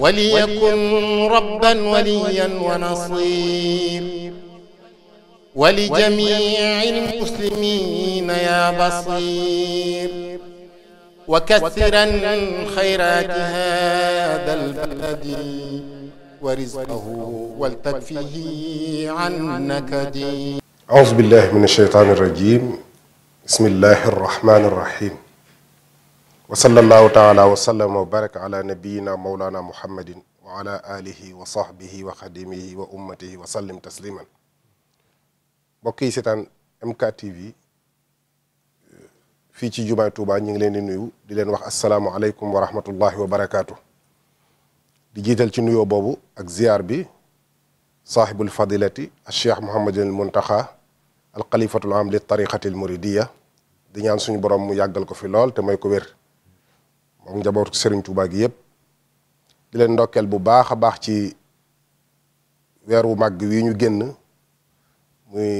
وليكن ربا وليا ونصير ولجميع المسلمين يا بصير وكثرا خيرات هذا البلد ورزقه والتكفيه عن نكد أعوذ بالله من الشيطان الرجيم بسم الله الرحمن الرحيم wa sallallahu taala wa sallama wa baraka ala nabiyina mawlana muhammadin wa ala alihi wa sahbihi wa fii ci jumaay Tuubaa ñu ngi leen di nuyu di leen wax asalaamu aleykum wa rahmatullahi wa di jiital ci nuyoo boobu ak ziyaar bi saaxibul fadilati al cheikh Mouhamadin al Muntaxa al xalifatul am li tariqati al muridiya di ñaan suñu borom mu yàggal ko fi lool te may ko wér ak njabootu sëriñ Touba gi yëpp di leen ndokkeel bu baax a baax ci weer wu màgg wi ñu génn muy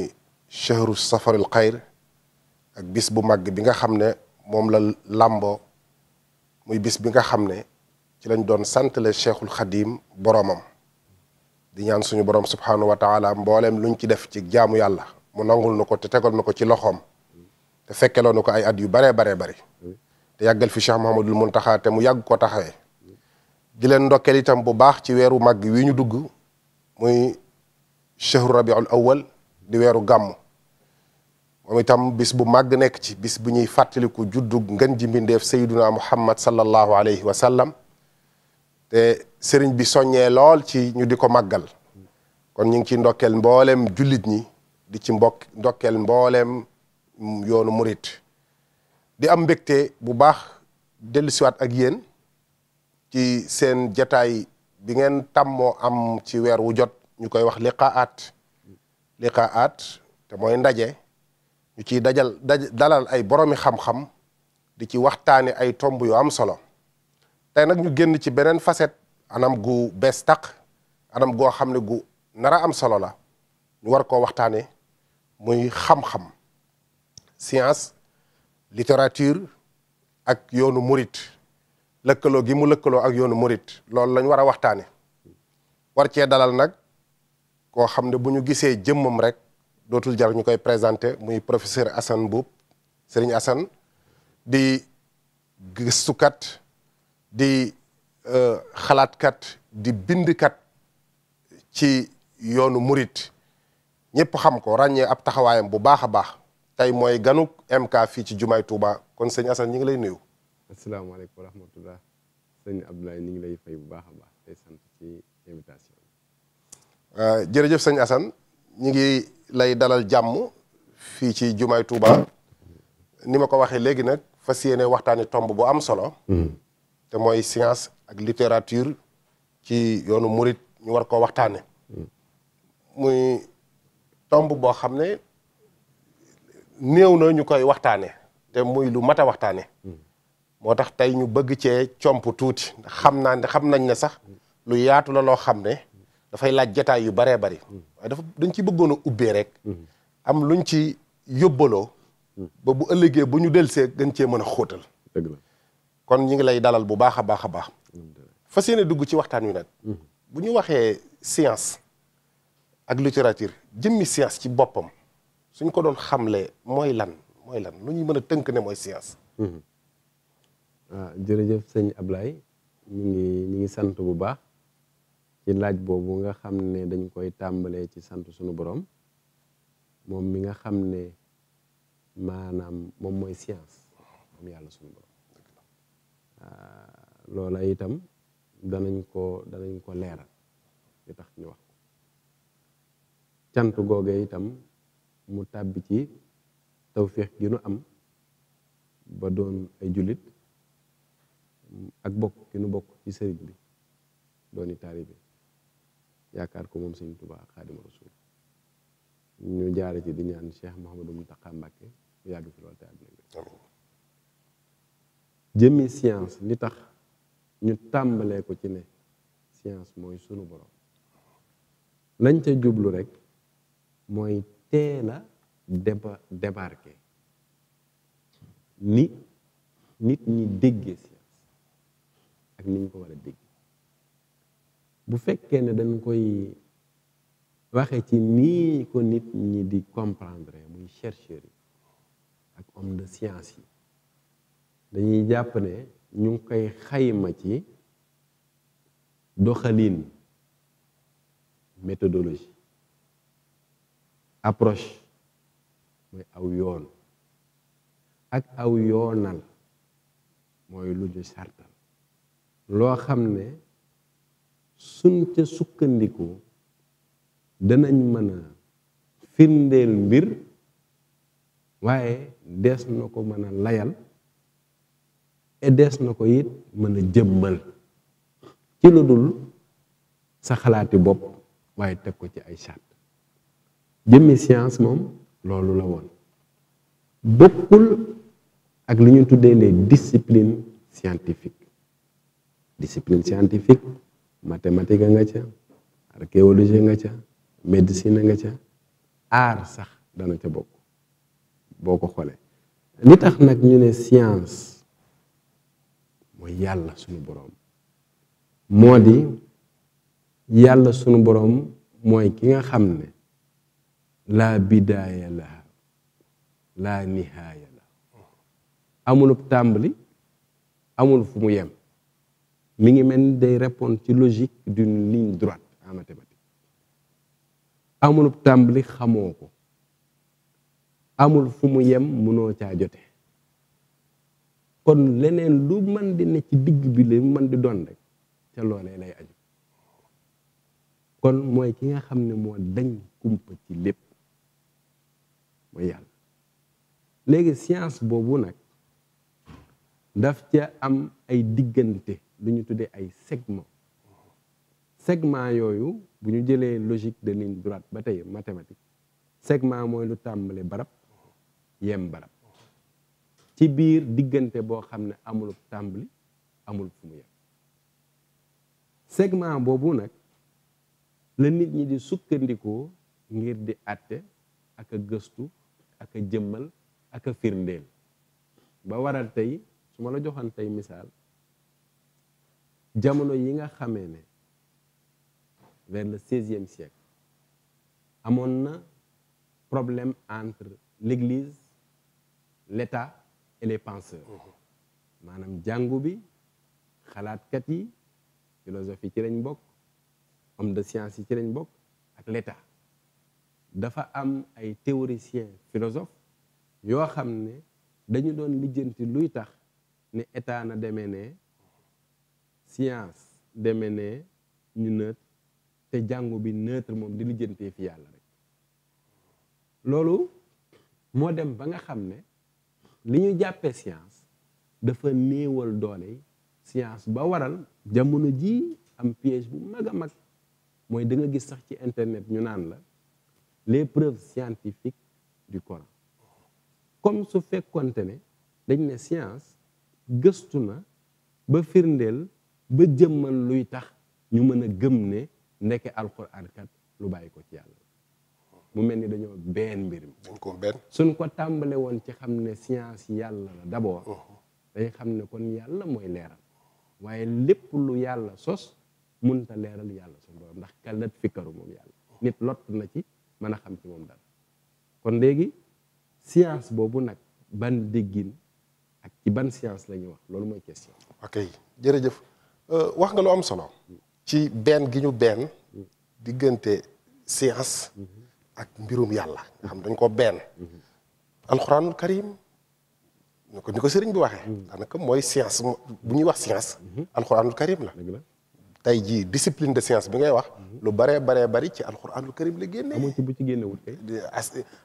chahru safaril xayr ak bis bu màgg bi nga xam ne moom la làmboo muy bis bi nga xam ne ci lañ doon santale cheikhul xadim boromam di ñaan suñu borom subhanahu wa taala mbooleem luñ ci def ci jaamu yàlla mu nangul na ko te tegol na ko ci loxoom te fekkeloo na ko ay at yu baree baree bari te yàggal fi Cheikh Mouhamadul Mountakha te mu yàgg ko taxawee di leen ndokkeel itam bu baax ci weeru màgg wi ñu dugg muy chahru rabiul awal di weeru gàmm moom itam bis bu màgg nekk ci bis bu ñuy fàttaliku juddug ngën ji mbindeef sayyiduna muhammad sallallahu alayhi wa sallam te sëriñ bi soññee lool ci ñu di ko màggal kon ñu ngi ciy ndokkeel mboolem jullit ñi di ci mbokk ndokkeel mboolem yoonu murit di am mbégte bu baax dellusiwaat ak yéen ci seen jataay bi ngeen tàmmoo am ci weer wu jot ñu koy wax liqaat at te mooy ndaje ñu ci dajal dalal ay boroomi xam-xam di ci waxtaane ay tomb yu am solo te nag ñu génn ci beneen facette anam gu bees taq anam goo xam ne gu nara am solo la ñu war ko waxtaane muy xam-xam science littérature ak yoonu murit lëkkaloo gi mu lëkkaloo ak yoonu murit loolu lañ war a waxtaane war cee dalal nag koo xam ne bu ñu gisee jëmmam rek dootul jar ñu koy présenté muy professeur Assane Mboup sëriñ assan di gëstukat di euh, xalaatkat di bindkat ci yoonu murit ñëpp xam ko ràññee ab taxawaayam bu baax a baax tey mooy ganu MK fii ci Jumaay Touba kon sëñ Assane ngi lay nuyu. asalaamaaleykum wa rahmatullah sëñ Abdoulaye ñu ngi lay fay bu baax a baax tey sant euh, jërëjëf sëñ asan ñi ngi lay dalal jàmm fii ci Jumaay tuuba ni ma ko waxee léegi nag fas yéene waxtaani tomb bu am solo. Hmm. te mooy science ak littérature ci yoonu murit ñu war ko waxtaane hmm. muy tomb boo xam ne. néew na ñu koy waxtaane te muy lu mat a waxtaane hmm. moo tax tey ñu bëgg cee comp tuuti xam naa ne xam nañ ne sax lu yaatu la loo xam ne dafay laaj jataay yu baree bari hmm. waaye dafa dañ ci bëggoon a ubbee rek hmm. am luñ ci yóbbaloo ba bu ëllëgee bu ñu delsee gën cee mën a xóotal kon ñu ngi lay dalal bu baax a baax a baax fas yéene dugg ci waxtaan wi nag bu ñu waxee science ak littérature jëmmi science ci boppam suñ ko doon xamle mooy lan mooy lan lu ñuy mën a tënk ne mooy science. Mm-hmm. Ah, jërëjëf sëñ Ablaye ñu ngi ñu ngi sant bu baax ci laaj boobu nga xam ne dañ koy tàmbalee ci sant suñu boroom moom mi nga xam ne maanaam moom mooy science moom yàlla sunu borom ah, loola itam danañ ko danañ ko leeral li tax ñu wax cant googe itam mu tàbbi ci tawféex gi nu am ba doon ay jullit ak bokk gi nu bokk ci sëriñ bi dooni taalibe yaakaar ko moom sëñ Tuubaa Xaadimu Rasuul ñu jaare ci di ñaan Cheikh Mouhamadou Mountakha Mbacké mu yàgg fi loolu te àddina bi jëmmi science li ñu tàmbalee ko ci ne science mooy sunu borom lañ ca jublu rek mooy teel a déba ni nit ñi déggee science ak niñ ko war a dégg bu fekkee ne dañ koy waxe ci nii ko nit ñi di comprendre muy chercheurs yi ak homme de science yi dañuy jàpp ne ñu ngi koy xayma ci doxaliin métodologie approche mooy aw yoon ak aw yoonal mooy lu ñu sartal loo xam ne suñ ca sukkandiku danañ mën a firndeel mbir waaye dees na ko mën a layal et dees na ko it mën a jëmmal ci lu dul sa xalaati bopp waaye teg ko ci ay sart jëmmi science moom loolu la woon bokkul ak li ñu tuddee ne disciplines scientifiques discipline scientifique mathématique nga ca archéologie nga ca médecine nga ca art sax dana ca bokk boo ko xoolee li tax nag ñu ne science mooy yàlla sunu boroom moo di yàlla sunu boroom mooy ki nga xam ne laa bidaaya laha laa nihaaya laha amulub tàmbali amul fu mu yem mi ngi mel ni day ci logique d'une ligne droite en mathématique amulub tàmbali xamoo ko amul fu mu yem mënoo caa jote kon leneen lu mën di ne ci digg bi lu mën di doon rek ca loolee lay aju kon mooy ki nga xam ne moo dañ kumpa ci lépp mooy yàlla léegi science boobu nag daf ca am ay diggante lu ñu tuddee ay segment segment yooyu bu ñu jëlee logique de ligne droite ba tey mathématique segment mooy lu tàmbale barab yem barab ci biir diggante boo xam ne amul tàmbali amul fu mu yem segment boobu nag la nit ñi di sukkandikoo ngir di àtte ak a gëstu ak a jëmmal ak a firndeel ba waral tey su ma la joxoon tey misaal jamono yi nga xamee ne vers le seizième siècle amoon na problème entre l'église l'état et les penseurs mmh. maanaam jàngu bi xalaatkat yi philosophie ci lañ bokk homme de science yi ci lañ bokk ak l'état dafa am ay théoricien philosophe yoo xam ne dañu doon lijjanti luy tax ni état na deme ne science deme ne ñu neutre te jàngu bi neutre moom di lijjantee fi yàlla rek loolu moo dem ba nga xam ne li ñu jàppee science dafa néewal doole science ba waral jamono ji am piège bu mag a mag mooy da nga gis sax ci internet ñu naan la les preuves scientifiques du Coran comme su fekkonte ne dañ ne science gëstu na ba firndeel ba jëmmal luy tax ñu mën a gëm ne ndeke alxuraan lu bàyyi ko ci yàlla mu mel ni dañoo benn mbir ko suñ ko tàmbale woon ci xam ne science yàlla la d'abord dañ xam ne kon yàlla mooy leeral waaye lépp lu yàlla sos munta leeral yàlla suñ borom ndax kalat fikkaru moom yàlla nit lott na ci mën a xam ci moom dara kon léegi science boobu nag ban déggin ak ci ban science la wax loolu mooy question. ok jërëjëf euh, wax nga lu am solo. ci benn gi ñu benn. diggante science. ak mbirum yàlla. nga xam dañ ko benn. alxuraanul karim. ni ko ni ko sëriñ bi waxee. Mm. daanaka mooy science bu ñuy wax science. Mm-hmm. alxuraanul karim la. tey jii discipline de science bi ngay wax lu baree baree bari ci alxuraanul karim la génnee amul ci bu ci génnewul tey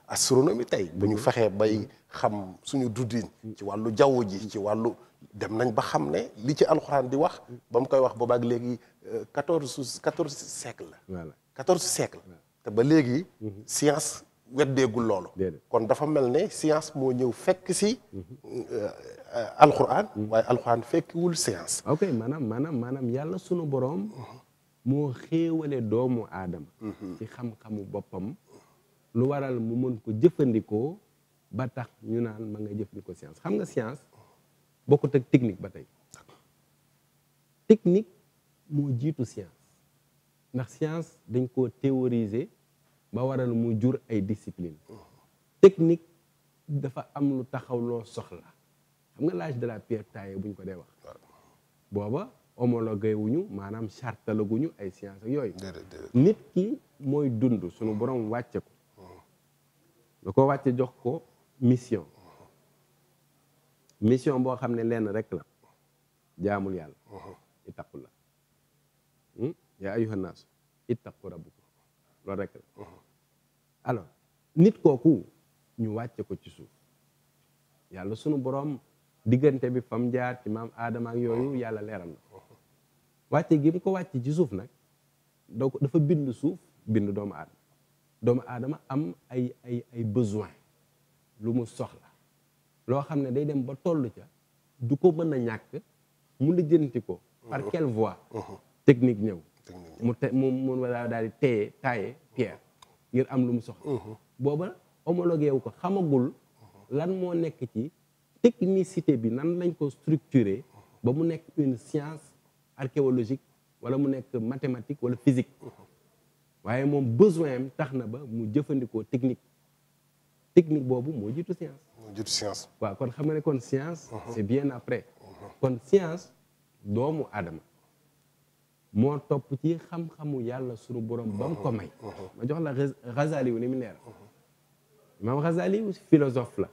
astronomie tey bu ñu fexee bay xam suñu duddin ci wàllu jaww ji ci wàllu dem nañ ba xam ne li ci alxuraan di wax ba mu koy wax boobaak léegi euh, quatorze quatorze siècle la quatorze siècle te ba léegi mhm. science weddeegul loolu kon dafa mel ne science moo ñëw fekk si euh, euh, alxuraan mm-hmm. waaye alxuraan fekkiwul science ok maanaam maanaam maanaam yàlla sunu boroom mm-hmm. moo xéewale doomu aadama mm-hmm. ci xam-xamu boppam lu waral mu mën ko jëfandikoo ba tax ñu naan ma nga jëfandikoo science xam nga science bokkut ak technique ba tey technique moo jiitu science ndax science dañ ko théoriser ba waral mu jur ay discipline technique dafa am lu taxaw loo soxla xam nga l'âge de la pierre taillée buñ ko dee wax booba homologué wuñu maanaam chartalaguñu ay science ak yooyu nit ki mooy dund suñu borom wàcce ko lu ko wàcce jox ko mission mission boo xam ne lenn rek la jaamul yàlla ittaqu la hmm? yaa ayyuhan naas ittaqu rabbukum loolu rek la alors nit kooku ñu wàcce ko ci suuf yàlla sunu boroom diggante bi fam jaar ci maam aadama ak yooyu yàlla leeral na wàcce gi ko wàcce ci suuf nag doo ko dafa bind suuf bind doomu aadama doomu aadama am ay ay ay besoin lu mu soxla loo xam ne day dem ba toll ca du ko mën a ñàkk mu lijjanti ko par uh-huh. quel voie uh-huh. technique ñëw mu te mu mu daal di téye pierre ngir am lu mu soxla booba homologué wu ko xamagul lan moo nekk ci technicité bi nan lañ ko structuré ba mu nekk une science archéologique wala mu nekk mathématique wala physique waaye moom besoin tax na ba mu jëfandikoo technique technique boobu moo jiitu science moo jiitu waaw kon xam nga ne kon science c'est bien après kon science doomu aadama moo topp ci xam-xamu yàlla sunu borom ba mu ko may uh-huh, uh-huh. ma jox la Ghazali ni mu leer imaam Ghazali wu philosophe la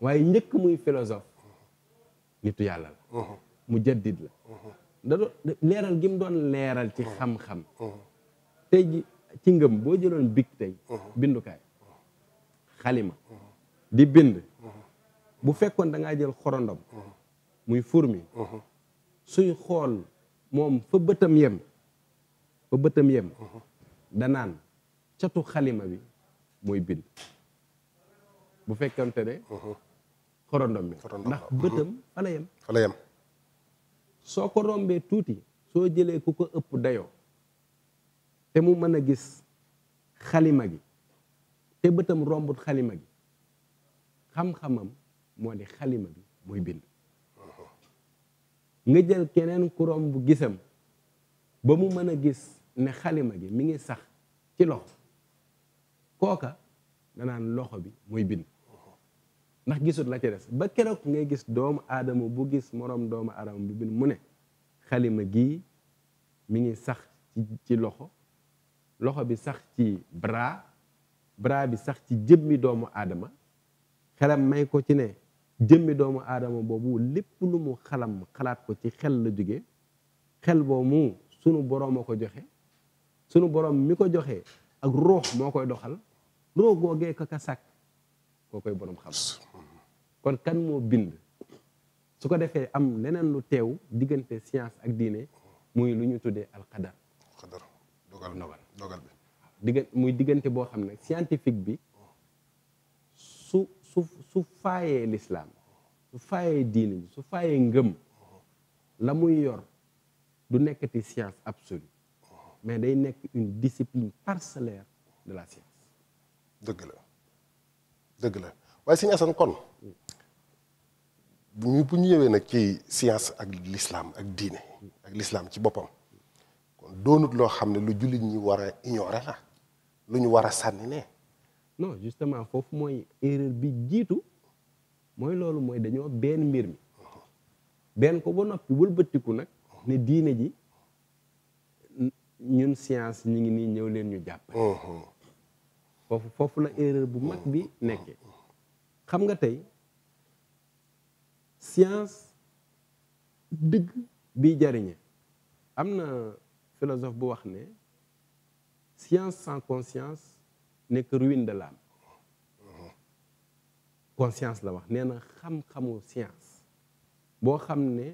waaye njëkk muy philosophe nitu yàlla la uh-huh. mujaddid la da doon leeral gi doon leeral ci xam-xam tey ji ci ngëm boo jëloon big tey bindukaay xalima di bind bu fekkoon danga jël xorondom muy fourmi suy xool moom fa bëtam yem fa bëtam yem danaan catu xalima bi muy bind bu fekkante ne xorondom bi ndax bëtam fa la yem fa la yem soo ko rombee tuuti soo jëlee ku ko ëpp dayoo te mu mën a gis xalima gi te bëtam rombut xalima gi xam-xamam moo di xalima bi mooy bind nga jël keneen ku bu gisam ba mu mën a gis ne xalima gi mi ngi sax ci loxo kooka danaan loxo bi muy bind ndax gisut la ca des ba keroog ngay gis doomu aadama bu gis moroom doomu aadama bu bind mu ne xalima gii mi ngi sax ci loxo loxo bi sax ci bras bras bi sax ci jëmmi doomu aadama xelam may ko ci ne jëmmi doomu aadama boobu lépp lu mu xalam xalaat ko ci xel la jóge xel boobu mu sunu boroom a ko joxe sunu boroom mi ko joxe ak ruux moo koy doxal ruux googee ko ka sàkk koo koy boroom xam kon kan moo bind su ko defee am leneen lu teew diggante science ak diine muy lu ñu tuddee alqadar dogal dogal muy diggante boo xam ne scientifique bi su su faayee lislaam su faayee diine ji su faayee ngëm la muy yor du nekkati science absolue mais day nekk une discipline parcellaire de la science dëgg la dëgg la waaye Sëñ Assane kon bu ñu bu nag ci science ak l'islam ak diine ak l'islam ci boppam kon doonut loo xam ne lu jullit ñi war a ignorer la lu ñu war a sànni ne non justement foofu mooy erreur bi jiitu mooy loolu mooy dañoo benn mbir mi benn ko ba noppi wëlbatiku nag ne diine ji ñun science ñi ngi nii ñëw leen ñu jàppale uh-huh. foofu la erreur bu mag bi uh-huh. nekkee xam nga tey science digg bi jariñe am na philosophe bu wax ne science sans conscience nekk ruine de l'âme conscience la wax nee na xam-xamu science boo xam ne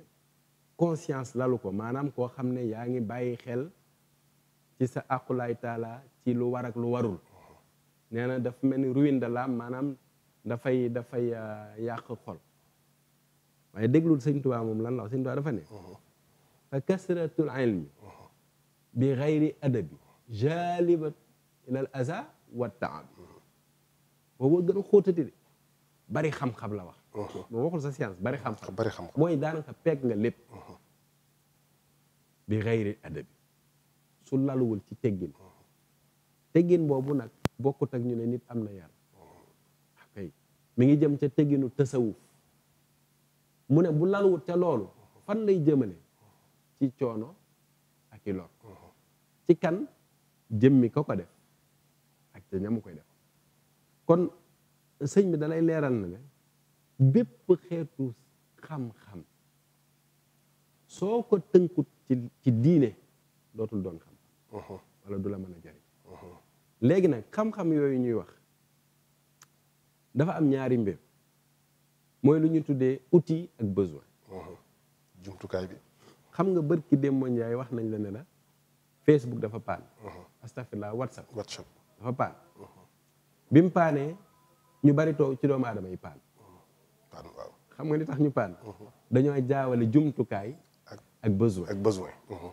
conscience lalu ko maanaam koo xam ne yaa ngi bàyyi xel ci sa aqulaay taala ci lu war ak lu warul nee na dafa mel ni ruine de l'âme maanaam dafay dafay euh, yàq xol waaye déglul sëñ Tuubaa moom lan la wax sëñ Tuubaa dafa ne fa kasratul ilmi bi gayri adabi jalibat ilal aza wa taab boobu gën a xóotati de bari xam-xam la wax uh-huh. boo waxul sa science bari xam-xam bari mooy daanaka pegg nga lépp uh-huh. bi xayri adabi su laluwul ci teggin uh-huh. teggin boobu nag bokkut ak ñu ne nit am na yar kay mi ngi jëm ca tegginu tasawuf mu ne bu laluwul ca loolu fan lay jëmale ci coono ak i lor ci kan jëmmi ko ko def te ñamu koy def kon sëñ bi dalay leeral na ne bépp xeetu xam-xam soo ko tënkut ci ci diine dootul doon xam-xam uh-huh. wala du la mën a jariñ uh-huh. léegi nag xam-xam yooyu ñuy wax dafa am ñaari mbir mooy lu ñu tuddee outil ak besoin uh-huh. jumtukaay bi xam nga bërki dem moon yaay wax nañ la ne la Facebook dafa paan astafirlah WhatsApp WhatsApp dafa paan bi mu paanee ñu bari too ci doomu adama yi paan waaw xam nga li tax ñu paan dañoo jaawale jumtukaay ak ak besoin ak besoin mhm.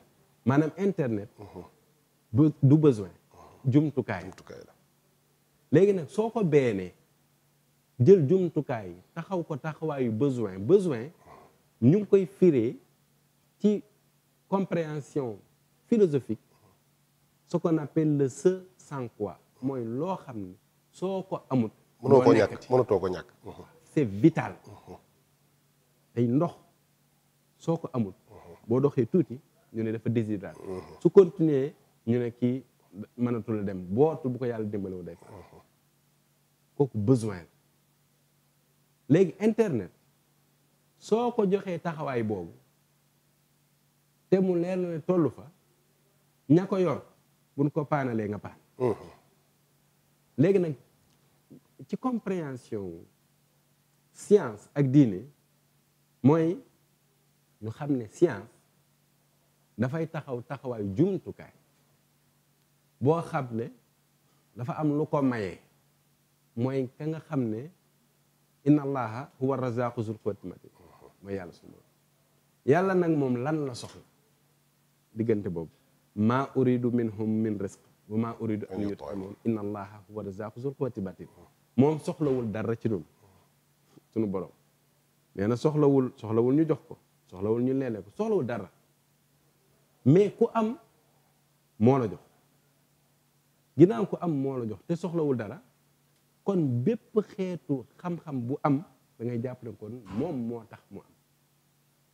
maanaam internet mhm. du besoin jumtukaay la léegi nag soo ko beenee jël jumtukaay taxaw ko taxawaayu besoin besoin ñu ngi koy firee ci compréhension philosophique ce qu'on appelle le se sans quoi mooy loo xam ne soo ko amut. mënatoo ko ñàkk. c'est vital. tey ndox soo ko amul. doxee tuuti ñu ne dafa déshydraté. su continuer ñu ne kii mënatul dem bootu bu ko yàlla dimbaliwul day kooku besoin la léegi internet soo ko joxee taxawaay boobu te mu leer na ne tollu fa ña ko yor buñ ko paanalee nga paan. léegi nag ci compréhension science ak diine mooy ñu xam ne science dafay taxaw taxawaayu jumtukaay boo xam ne dafa am lu ko maye mooy ka nga xam ne in allaha huwa razaqu zul quwwati matin mooy yàlla su yàlla nag moom lan la soxla diggante boobu maa uridu minhum min rizq wa maa uridu an yutimoon inna allaha huwa razaqu zul quwwati matin moom soxlawul dara ci ñun suñu borom nee na soxlawul soxlawul ñu jox ko soxlawul ñu leele ko soxlawul dara mais ku am moo la jox ginnaaw ku am moo la jox te soxlawul dara kon bépp xeetu xam-xam bu am da ngay jàpp ne kon moom moo tax mu am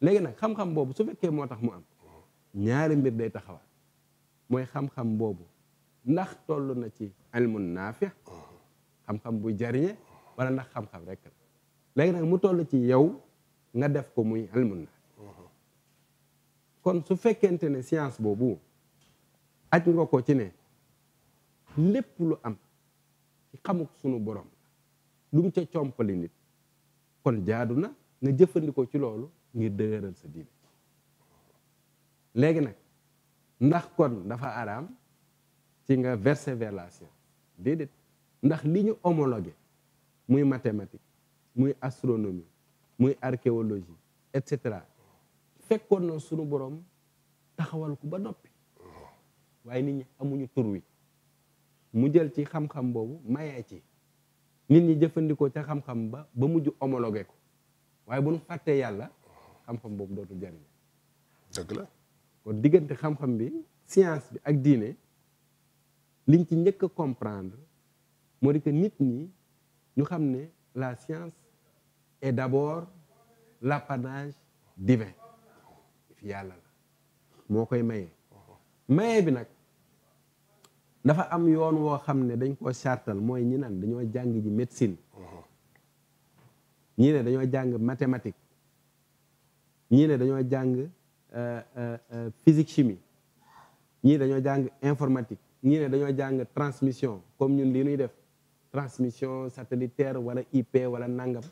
léegi nag xam-xam boobu su fekkee moo tax mu am ñaari mbir day taxawaat mooy xam-xam boobu ndax toll na ci ilmun naafi xam-xam bu jariñe wala ndax xam-xam rek la léegi nag mu toll ci yow nga def ko muy ilmun naafi kon su fekkente ne science boobu aj nga ko ci ne lépp lu am ci xamuk sunu borom lu mu ca compali nit kon jaadu na nga jëfandikoo ci loolu ngir dëgëral sa diine léegi nag ndax kon dafa araam ci nga verser vers la science déedéet ndax li ñu homologué muy mathématique muy astronomie muy archéologie et cetera fekkoon na sunu boroom taxawal ko ba noppi waaye nit ñi amuñu tur wi mu jël ci xam-xam boobu mayee ci nit ñi jëfandikoo ca xam-xam ba ba mujj homologué ko waaye bu nu fàttee yàlla xam-xam boobu dootul jariñ dëgg la kon diggante xam-xam bi science bi ak diine liñ ci njëkk a comprendre moo di que nit ñi ñu xam ne la science est d'abord l'apanage divin fi yàlla la moo koy maye maye bi nag dafa am yoon woo xam ne dañ koo sartal mooy ñi naan dañoo jàng ji médecine ñii ne dañoo jàng mathématique ñii ne dañoo jàng euh, euh, euh, physique chimie ñii dañoo jàng informatique ñu ne dañoo jàng transmission comme ñun lii nuy def transmission satellitaire wala IP wala nangam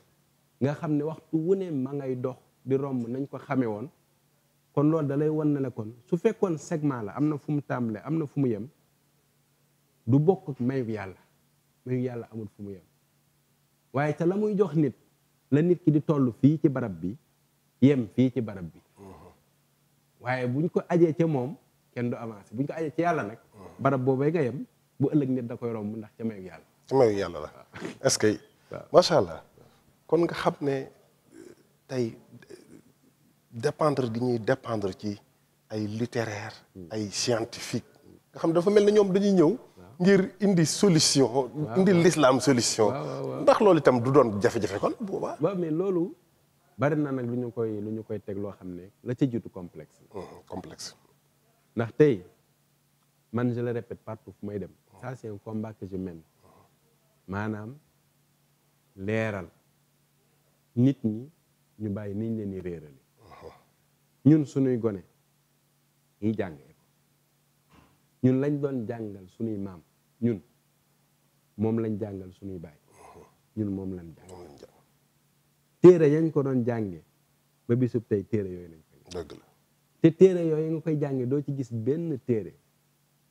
nga xam ne waxtu wu ne ma ngay dox di romb nañ ko xamee woon kon loolu da lay wan ne la kon su fekkoon segment la am na fu mu tàmbalee am na fu mu yem du bokk ak yàlla mayu yàlla amul fu mu yem waaye ca la muy jox nit la nit ki di toll fii ci barab bi yem fii ci barab bi mhm. waaye buñ ko ajee ca moom kenn du avancé buñ ko ajee ci yàlla nag barab boobee nga yem bu ëllëg nit da koy romb ndax ca mayu yàlla ca la est-ce que macha allah kon nga xam ne tey dépendre gi ñuy dépendre ci ay littéraire hmm. ay scientifique nga xam dafa mel ne ñoom dañuy ñëw ngir indi solution indi lisla am solution ndax loolu itam du doon jafe-jafe kon boobaa waaw mais loolu bari na nag lu ñu koy lu ñu koy teg loo xam ne la ca jiitu complexe hmm, complexe ndax tey man je le répète partout fu may dem ah. ça c'est ko combat que je mène maanaam leeral nit ñi ñu bàyyi niñ leen di réerale ah. ñun suñuy gone yi jàng ñun lañ doon jàngal suñuy maam ñun moom lañ jàngal suñuy baay ah. ñun moom lañ yañ ko doon jànge ba bisub tey téere yooyu lañ koy dëgg téere yooyu nga koy jànge doo ci gis benn téere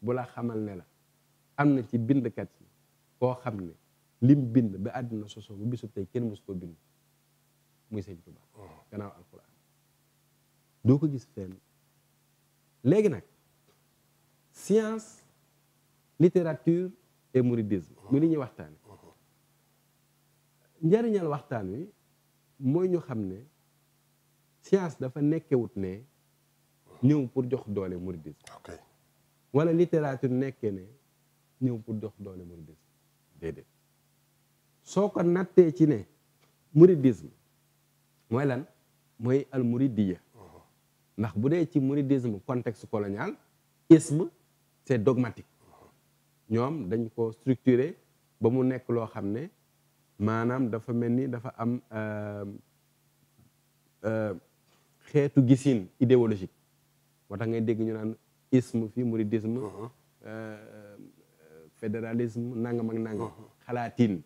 bu la xamal ne la am na ci bindkat yi koo xam ne lim bind ba àdduna soso bu bisu tey kenn mosu ko bind muy sëñ Tuba oh. gannaaw alquran doo ko gis fenn léegi nag science littérature et mouridisme oh. muy li ñuy waxtaane oh. njariñal waxtaan wi mooy ñu xam ne science dafa nekkewut ne ñëw pour jox doole mouridisme wala littérature nekkee ne ñëw bu dox doole mouridisme déedéet soo ko nattee ci ne mouridisme mooy lan mooy al muridiya ndax bu dee ci mouridisme contexte colonial isme c'est dogmatique ñoom dañ ko structuré ba mu nekk loo xam ne maanaam dafa mel ni dafa am euh, euh, xeetu gisin idéologique moo tax ngay dégg ñu naan isme fii mouridisme uh-huh. euh, euh, fédéralisme nangam ak nangam uh-huh. xalaatiin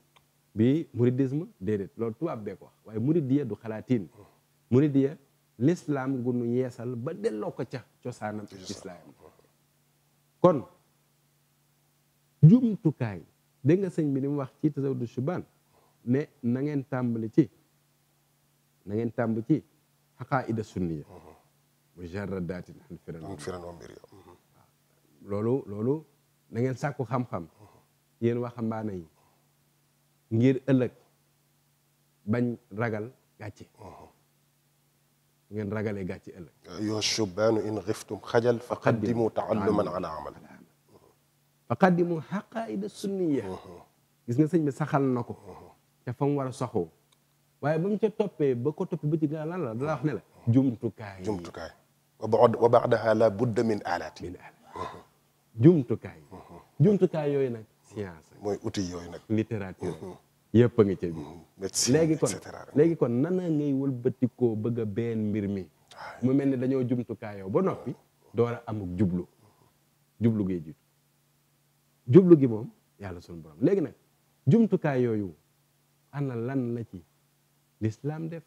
bi mouridisme déedéet loolu tubaab bee ko wax waaye muridiya du xalaatiin uh-huh. muridiya l'islam gu nu yeesal ba delloo ko ca cosaanam ak islaam kon jumtukaay dégg nga sëñ bi ni wax ci tasawdu shubaan ne na ngeen tàmbali ci na ngeen tàmbali ci xaqaida sunniya mujarradatin an loolu loolu na ngeen sàkku xam-xam yéen waxambaane yi ngir ëllëg bañ ragal gàcce ngeen ragalee gàcce ëllëg yo shubaanu in xiftum xajal fa qaddimu taalluman ala amal fa qaddimu xaqaida sunniya gis nga sëñ bi saxal na ko ca fa mu war a soxoo waaye ba mu ca toppee ba ko toppee ba ci gën lan la dala wax ne la jumtukaay jumtukaay wa ba'daha la budda min alaat min jumtukaay uh-huh. jumtukaay yooyu nag science mooy outil yooyu nag littérature uh-huh. yëpp a ca biir uh-huh. léegi kon nan a nana ngay wëlbatikoo bëgg a benn mbir mi mu mel ni dañoo jumtukaayoo ba noppi door a amuk jublu jublu ngay gi moom yàlla sunu borom léegi nag jumtukaay yooyu ana lan la ci lislaam def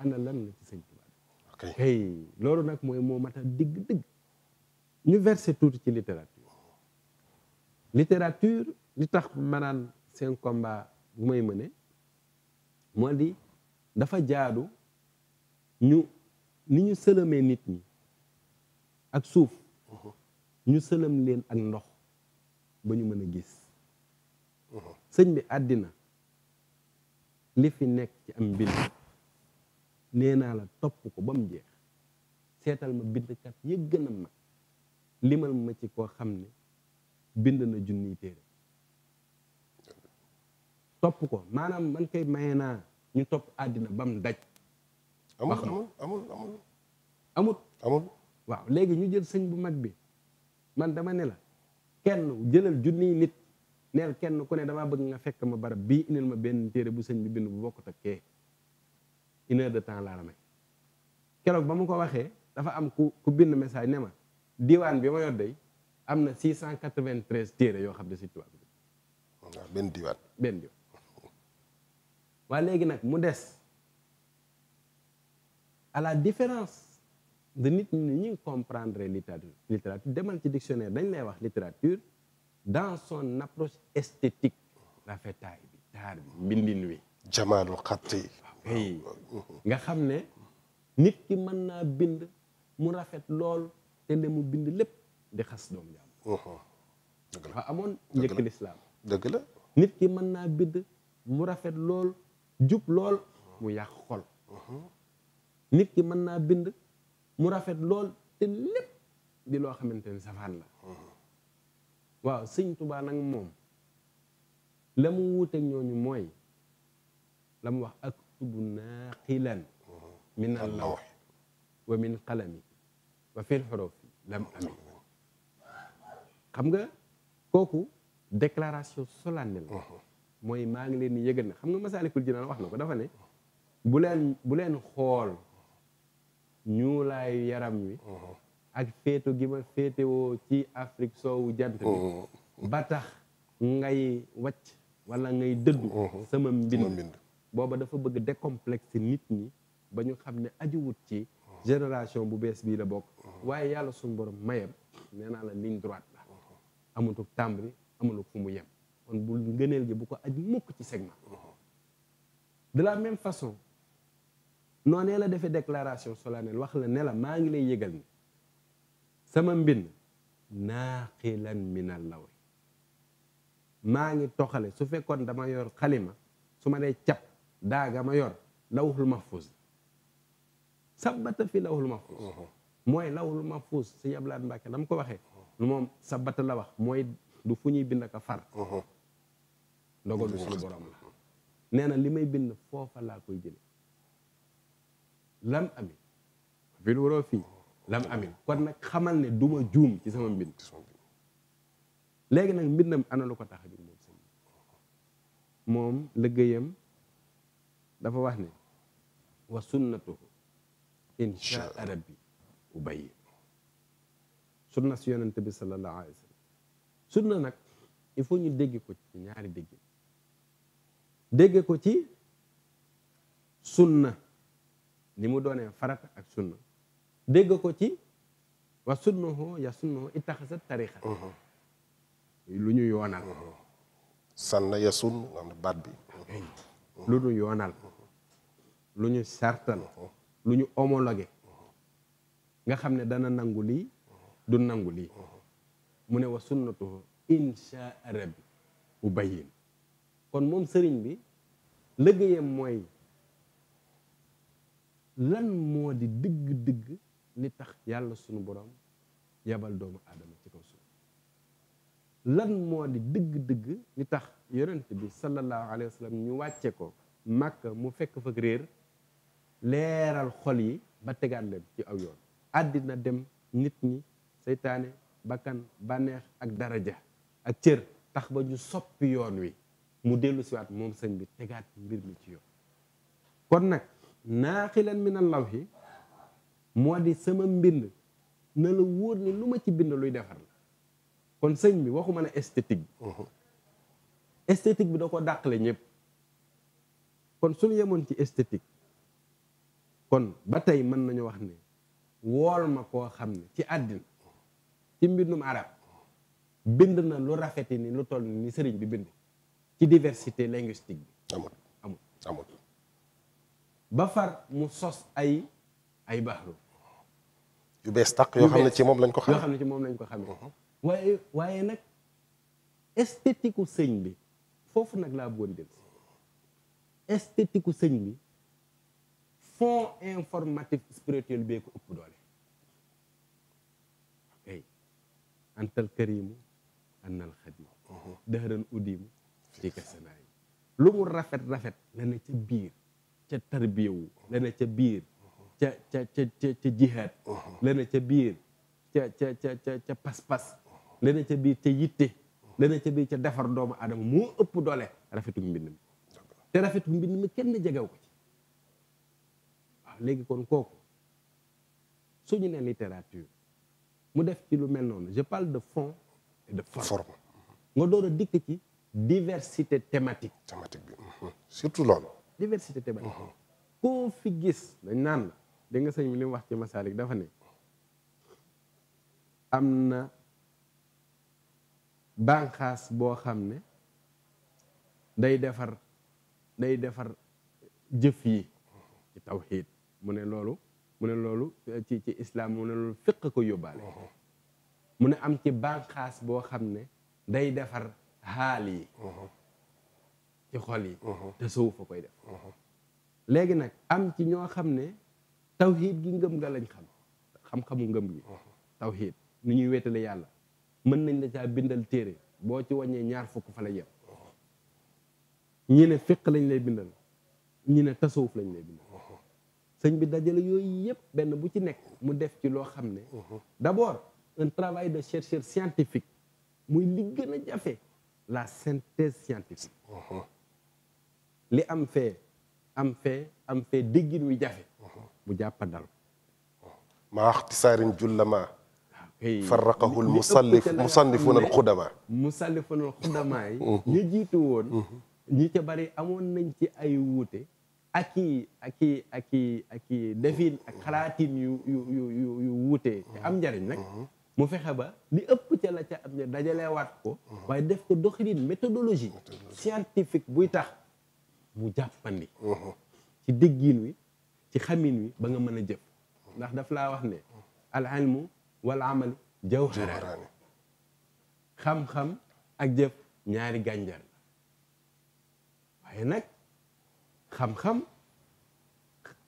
ana lan la ci sëñ Tuubaa kay loolu nag mooy moo mat digg-digg ñu versé tuuti ci littérature littérature li tax ma naan seen combat bu may mëne moo di dafa jaadu ñu ni ñu sëlëmee nit ñi ak suuf ñu sëlëm leen ak ndox ba ñu mën a gis sëñ bi àddina li fi nekk ci am mbind nee naa la topp ko ba mu jeex seetal ma bindkat yëg gën a limal ma ci koo xam ne bind na junniy téere topp ko maanaam man kay maye naa ñu topp àddina bam daj amul amul amul waaw léegi ñu jël sëñ bu mag bi man dama ne la kenn jëlal yi nit neel kenn ku ne damaa bëgg nga fekk ma barab bii indil ma benn téere bu sëñ bi bind bu bokkut ak kee une heure de temps laa may keroog ba mu ko waxee dafa am ku ku bind message ne ma diwaan bi ma yor day am na 693 téere yoo xam ne sëñ Tuubaa benn diwaan benn léegi nag mu des à la différence de nit ñi ñu comprendre littérature demal ci dictionnaire dañ lay wax littérature dans son approche esthétique rafet bi taar bi mbindin wi jamaalu xat yi nga xam ne nit ki mën naa bind mu rafet lool te ne mu bind lépp di xas doom jàmm dafa amoon njëkk lislaam dëgg la nit ki mën naa bind mu rafet lool jub lool mu yàq xol nit ki mën naa bind mu rafet lool te lépp di loo xamante ni safaan la waaw sëñ tubaa nag moom la mu wuuteeg ñooñu mooy la mu wax ak tubu naaqilan min allaw wa min qalami wa fil xuruf xam nga kooku déclaration solennelle mhm. mooy maa ngi leen di yëgal na xam nga Masaalikul Jinaan wax na ko dafa ne bu leen xool ñuulaayu yaram wi mhm. ak féetu gi ma féetewoo ci Afrique soowu jant bi mhm. ba tax ngay wacc wala ngay dëddu sama mbind booba dafa bëgg décomplexe nit ñi ba ñu xam ne ajuwut ci génération bu bees bii la bokk waaye yàlla suñu borom mayam nee naa la ligne droite la amatul tàmbali amatul fu mu yem kon bu ngëneel gi bu ko aj mukk ci segment de la même façon noonee la defee déclaration solennelle wax la ne la maa ngi lay yëgal ni sama mbind mi minal law maa ngi toxale su fekkoon dama yor xalima su ma dee cap daaga ma yor lawhul mahfuz sabbata fi lawhul mahfuz uh-huh. mooy lawhul mahfuz sëñ Abdoulaye Mbacke dama ko waxee moom sabbata la wax mooy du fu ñuy bind ka far uh-huh. ndogalu nee na li may bind foofa laa koy jële lam amin fil waroo fii lam amin kon nag xamal ne du ma juum ci sama mbind léegi nag mbindam ana lu ko tax a jóg moom sëñ moom liggéeyam dafa wax ne wa sunnatuhu insha rabbi ubayyi sunna si yonent bi sallallahu alayhi wa sallam sunna nag il faut ñu dégg ko ci ñaari dégg dégg ko ci sunna ni mu doonee farata ak sunna dégg ko ci wa sunnahu ya sunnahu ittaxasat tarixa mhm. lu ñu yoonal mhm. sann ya sun baat bi lu ñu yoonal mhm. lu ñu sartal lu ñu omologe nga xam ne dana nangu lii du nangu lii mu ne wa sunnatuhu insha rabbi ubayyin kon moom sëriñ bi liggéeyam mooy lan moo di dëgg-dëgg li tax yàlla sunu boroom yabal doomu aadama ci kaw suuf lan moo di dëgg-dëgg li tax yonent bi sallallahu alayhi wa ñu wàcce ko makk mu fekk fa réer leeral xol yi ba tegaat leen ci aw yoon àddina dem nit ñi seytaane bakkan bànneex ak daraja ak cër tax ba ñu soppi yoon wi mu dellu siwaat moom sëñ bi tegaat mbir mi ci yoon kon nag naaxilan min allawhi moo di sama mbind na la wóor ni lu ma ci bind luy defar la kon sëñ bi waxuma ne esthétique bi mhm. esthétique bi da ko dàqale ñëpp kon suñu yemoon ci esthétique kon ba tey mën nañu wax ni wool ma koo xam ne ci àddina ci mbindum arab bind na lu rafeti ni lu toll ni sëriñ bi bind ci diversité linguistique bi amul amul ba far mu sos ay ay baxru yu bees tàq yoo xam ne ci moom lañ ko xam yoo xam ne ci moom lañ ko xamee uh-huh. waaye waaye nag esthétique sëñ bi foofu nag laa bëggoon dem esthétique u sëñ bi fond informatif spirituel bee ko ëpp doole ay antal karimu annal xadim uh-huh. dëxëran udimu ci kasanaayi lu mu rafet-rafet la na ca biir ca tarbiyewu la na ca biir uh-huh. ca ca ca ca jihaad uh-huh. la na ca biir ca ca ca ca ca pas-pas ca biir ca yitte la ca biir ca defar doomu aadama moo ëpp doole rafetu mbind mi te rafetu mbind mi kenn jegew ko ci léegi kon kooku suñu ne littérature mu def ci lu mel noonu je parle de fond et de forme nga door a dikk ci diversité thématique thématique mm-hmm. surtout loolu diversité thématique mm-hmm. koo fi gis dañ naan la dégg nga sëñ bi li wax ci Masaalik dafa ne am na bànqaas boo xam ne day defar day defar jëf yi ci mu ne loolu mu ne loolu euh, ci ci islam mu ne loolu fiq ko yóbbaale uh-huh. mu ne am ci bànqaas boo xam ne day defar xaal yi uh-huh. ci xol yi uh-huh. te a koy def léegi nag am ci ñoo xam ne tawxiid gi ngëm nga lañ xam xam-xamu ngëm gi tawxiid nu ñuy wéetale yàlla mën nañ la caa bindal téere boo ci wàññee ñaar fukk fa la yem ñi ne fiq lañ lay bindal ñi ne tasawuf lañ lay bindal sëñ bi dajale yooyu yëpp benn bu ci nekk mu def ci loo xam ne mhm. d'abord un travail de chercheur scientifique muy li gën a jafe la synthèse scientifique mhm. li am fee am fee am fee déggin wi jafe mu mhm. jàppa dal maa axtisaarin jullama ah, farraqahu amoon nañ ci ay wuute ak i ak i ak ak defin ak xalaatin yu yu yu am njariñ nag mhm. mu fexe ba li ëpp ca la ca am njariñ dajalewaat ko mhm. waaye def ko doxalin méthodologie scientifique buy tax mu jàppandi mhm. ci déggin wi ci xamin wi ba nga mën a jëf ndax daf la wax ne al ilmu wal amal jawharaani xam-xam ak jëf ñaari gànjar la waaye nag xam-xam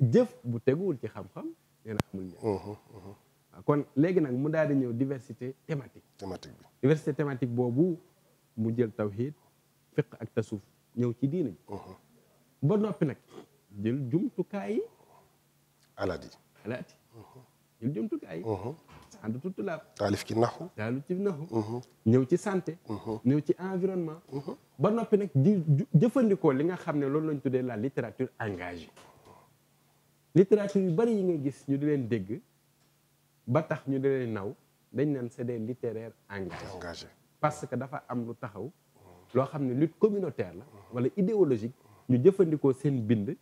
jëf bu teguwul ci xam-xam nee na amul njëriñ mhm, mhm. Ah, kon léegi nag mu daal di ñëw diversité thématique thématique bi diversité thématique boobu mu jël tawhid fiq ak tasuf ñëw ci diina ji mhm. ba noppi nag jël jumtukaay yi jël jumtukaay. sant tuttu laab. taalif ci naxu. taalif ci naxu. Mhm. ñëw ci santé. Mhm. ñëw ci environnement. Mhm. ba noppi nag di jëfandikoo li nga xam ne loolu lañ tuddee la littérature engagée. littérature yu bari yi nga gis ñu di leen dégg ba tax ñu di leen naw dañ naan c'est des littéraires engagés. parce que dafa am lu taxaw. loo xam ne lutte communautaire la. wala idéologique ñu jëfandikoo seen bind.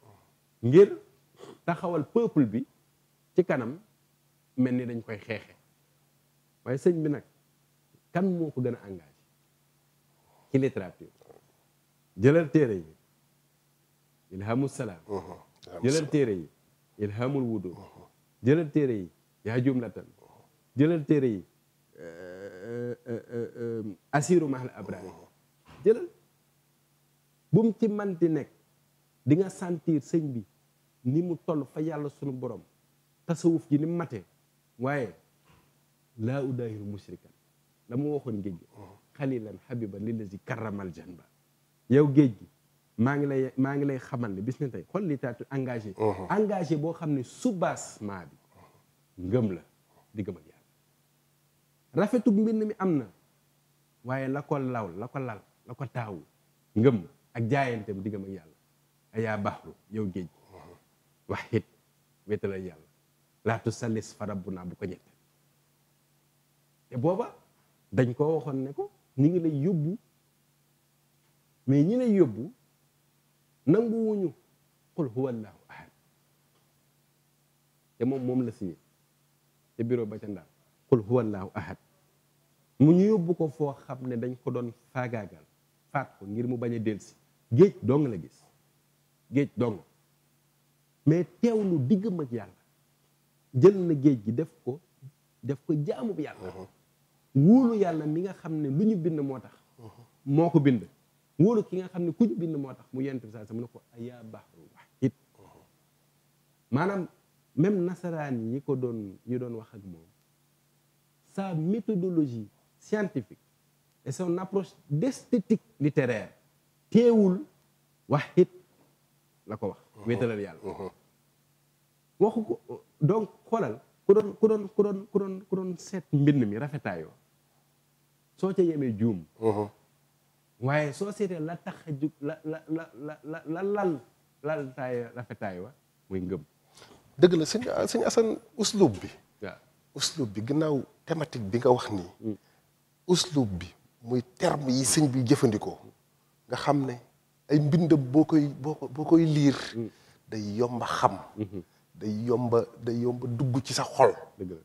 ngir taxawal peuple bi ci kanam. mel ni dañ koy xeexee waaye sëñ bi nag kan moo ko gën a engagé ci littérature jëlal téere yi ilhamu salaam jëlal téere yi ilhamul wudu jëlal téere yi yaa jumlatan jëlal téere yi asiru mahal abrari jëlal bu mu ci manti nekk di nga sentir sëñ bi ni mu toll fa yàlla sunu borom tasawuf ji ni mu waaye laa udaahiru musrikan la mu waxoon géej gi uh-huh. xalilan xabiban lillazi karramal janba yow géej gi maa ngi lay maa ngi lay xamal ne bis ne tey xol li taatu engagé uh-huh. engagé boo xam ne subaas bi uh-huh. ngëm la di gëm ak yàlla rafetug mi am na waaye la ko law la ko lal la ko taawu ngëm ak jaayanteem diggam ak yàlla ayaa baxru yow géej waxit wéetalal yàlla laatu sallis fa rabbuna bu ko ñette te booba dañ koo waxoon ne ko ñi ngi lay yóbbu mais ñi lay yóbbu nanguwuñu wuñu qul huwa allahu ahad te moom moom la signé te bureau ba ca ndaal qul huwa allahu ahad mu ñu yóbbu ko foo xam ne dañ ko doon faagaagal faat ko ngir mu bañ a delsi géej dong la gis géej dong mais teewlu digg mag yàlla jël na géej gi def ko def ko jaamu bu yàlla mhm. wóolu yàlla mi nga xam ne lu ñu bind moo tax mhm. moo ko bind wóolu ki nga xam ne ku ñu bind moo tax mu yent bi saa sama ne ko ayaa bahru wahid mhm. maanaam même nasaraan ñi ko doon ñu doon wax ak moom sa méthodologie scientifique et son approche d'esthétique littéraire teewul wahid la ko wax wéetalal yàlla waxu ko donc xoolal ku doon ku doon ku seet mbind mi rafetaayoo soo ca yemee juum uh-huh. waaye soo seetee la tax a la la la la la lal lal taay rafetaay wa muy ngëm dëgg la sëñ sëñ Assane bi waaw bi gannaaw thématique bi nga wax nii mm. uslub bi muy terme yi sëñ bi jëfandikoo nga xam ne ay mbindam boo koy boo koy liir mm. day yomba xam mm-hmm. day yomba day yomba dugg ci sa xol.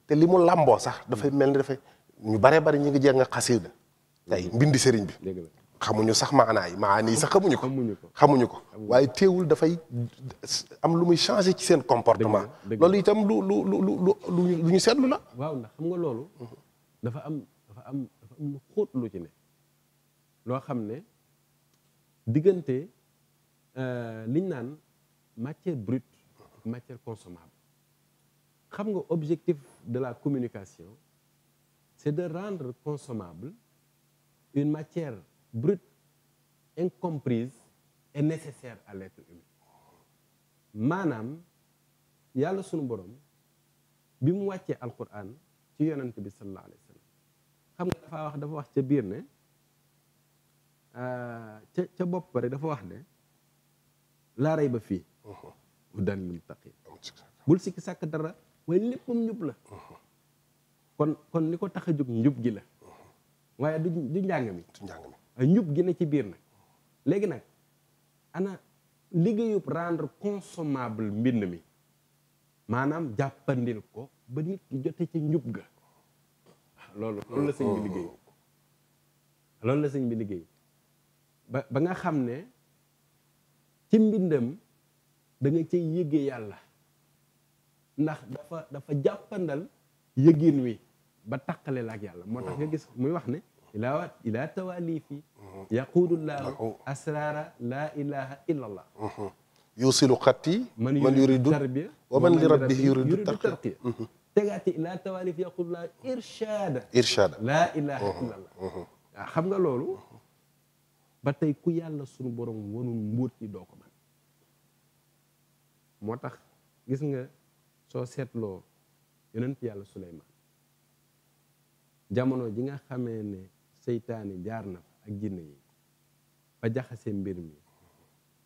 te li mu làmboo sax dafay mel ni dafay ñu baree bari ñu ngi jàng xasida tey mbindi sëriñ bi. xamuñu sax maanaa yi maanaa yi sax xamuñu ko. xamuñu ko waaye teewul dafay am lu muy changé ci seen comportement. loolu itam lu lu lu lu lu ñu seetlu la. waaw ndax xam nga loolu. dafa am dafa am lu xóot lu ci ne. loo xam ne diggante euh, liñ naan matière brute. matière consommable xam nga objectif de la communication c'est de rendre consommable une matière brute incomprise et nécessaire à l'être humain maanaam yàlla sunu borom bi mu wàccee alquran ci yonent bi sallallahu alayhi wa sallam xam nga dafa wax dafa wax ca biir ne euh, ca ca bopp rek dafa wax ne laa rey ba fii uh-huh. hudan lil muttaqin bul sikki sàkk dara waaye léppam njub la kon kon ni ko tax a jóg njub gi la waaye du du njàng mi ah, njub gi na ci biir nag léegi nag ana liggéeyub rendre consomable mbind mi maanaam jàppandil ko ba nit ki jote ci njub ga ah, loolu la sëñ la sëñ bi liggéey ba ba nga xam ne ci mbindam da nga cay yëgee yàlla dafa dafa jàppandal yëgin wi ba taqale la yàlla moo tax nga gis muy wax ne ilaa ilaa tawalifi yaquudullaahu asrara laa ilaha illa allah uh-huh. yuusilu xatti man yuridu tarbiya wa man li rabbihi yuridu tarqiya uh-huh. tegaati ilaa tawalif yaquudullaahu irshada irshada laa ilaha uh-huh. illa allah xam nga loolu ba tey ku yàlla sunu borom wanul mbóot yi doo moo tax gis nga soo seetloo yonent yàlla Suleymaan jamono ji nga xamee ne seytaane jaar na fa ak jinne yi ba jaxase mbir mi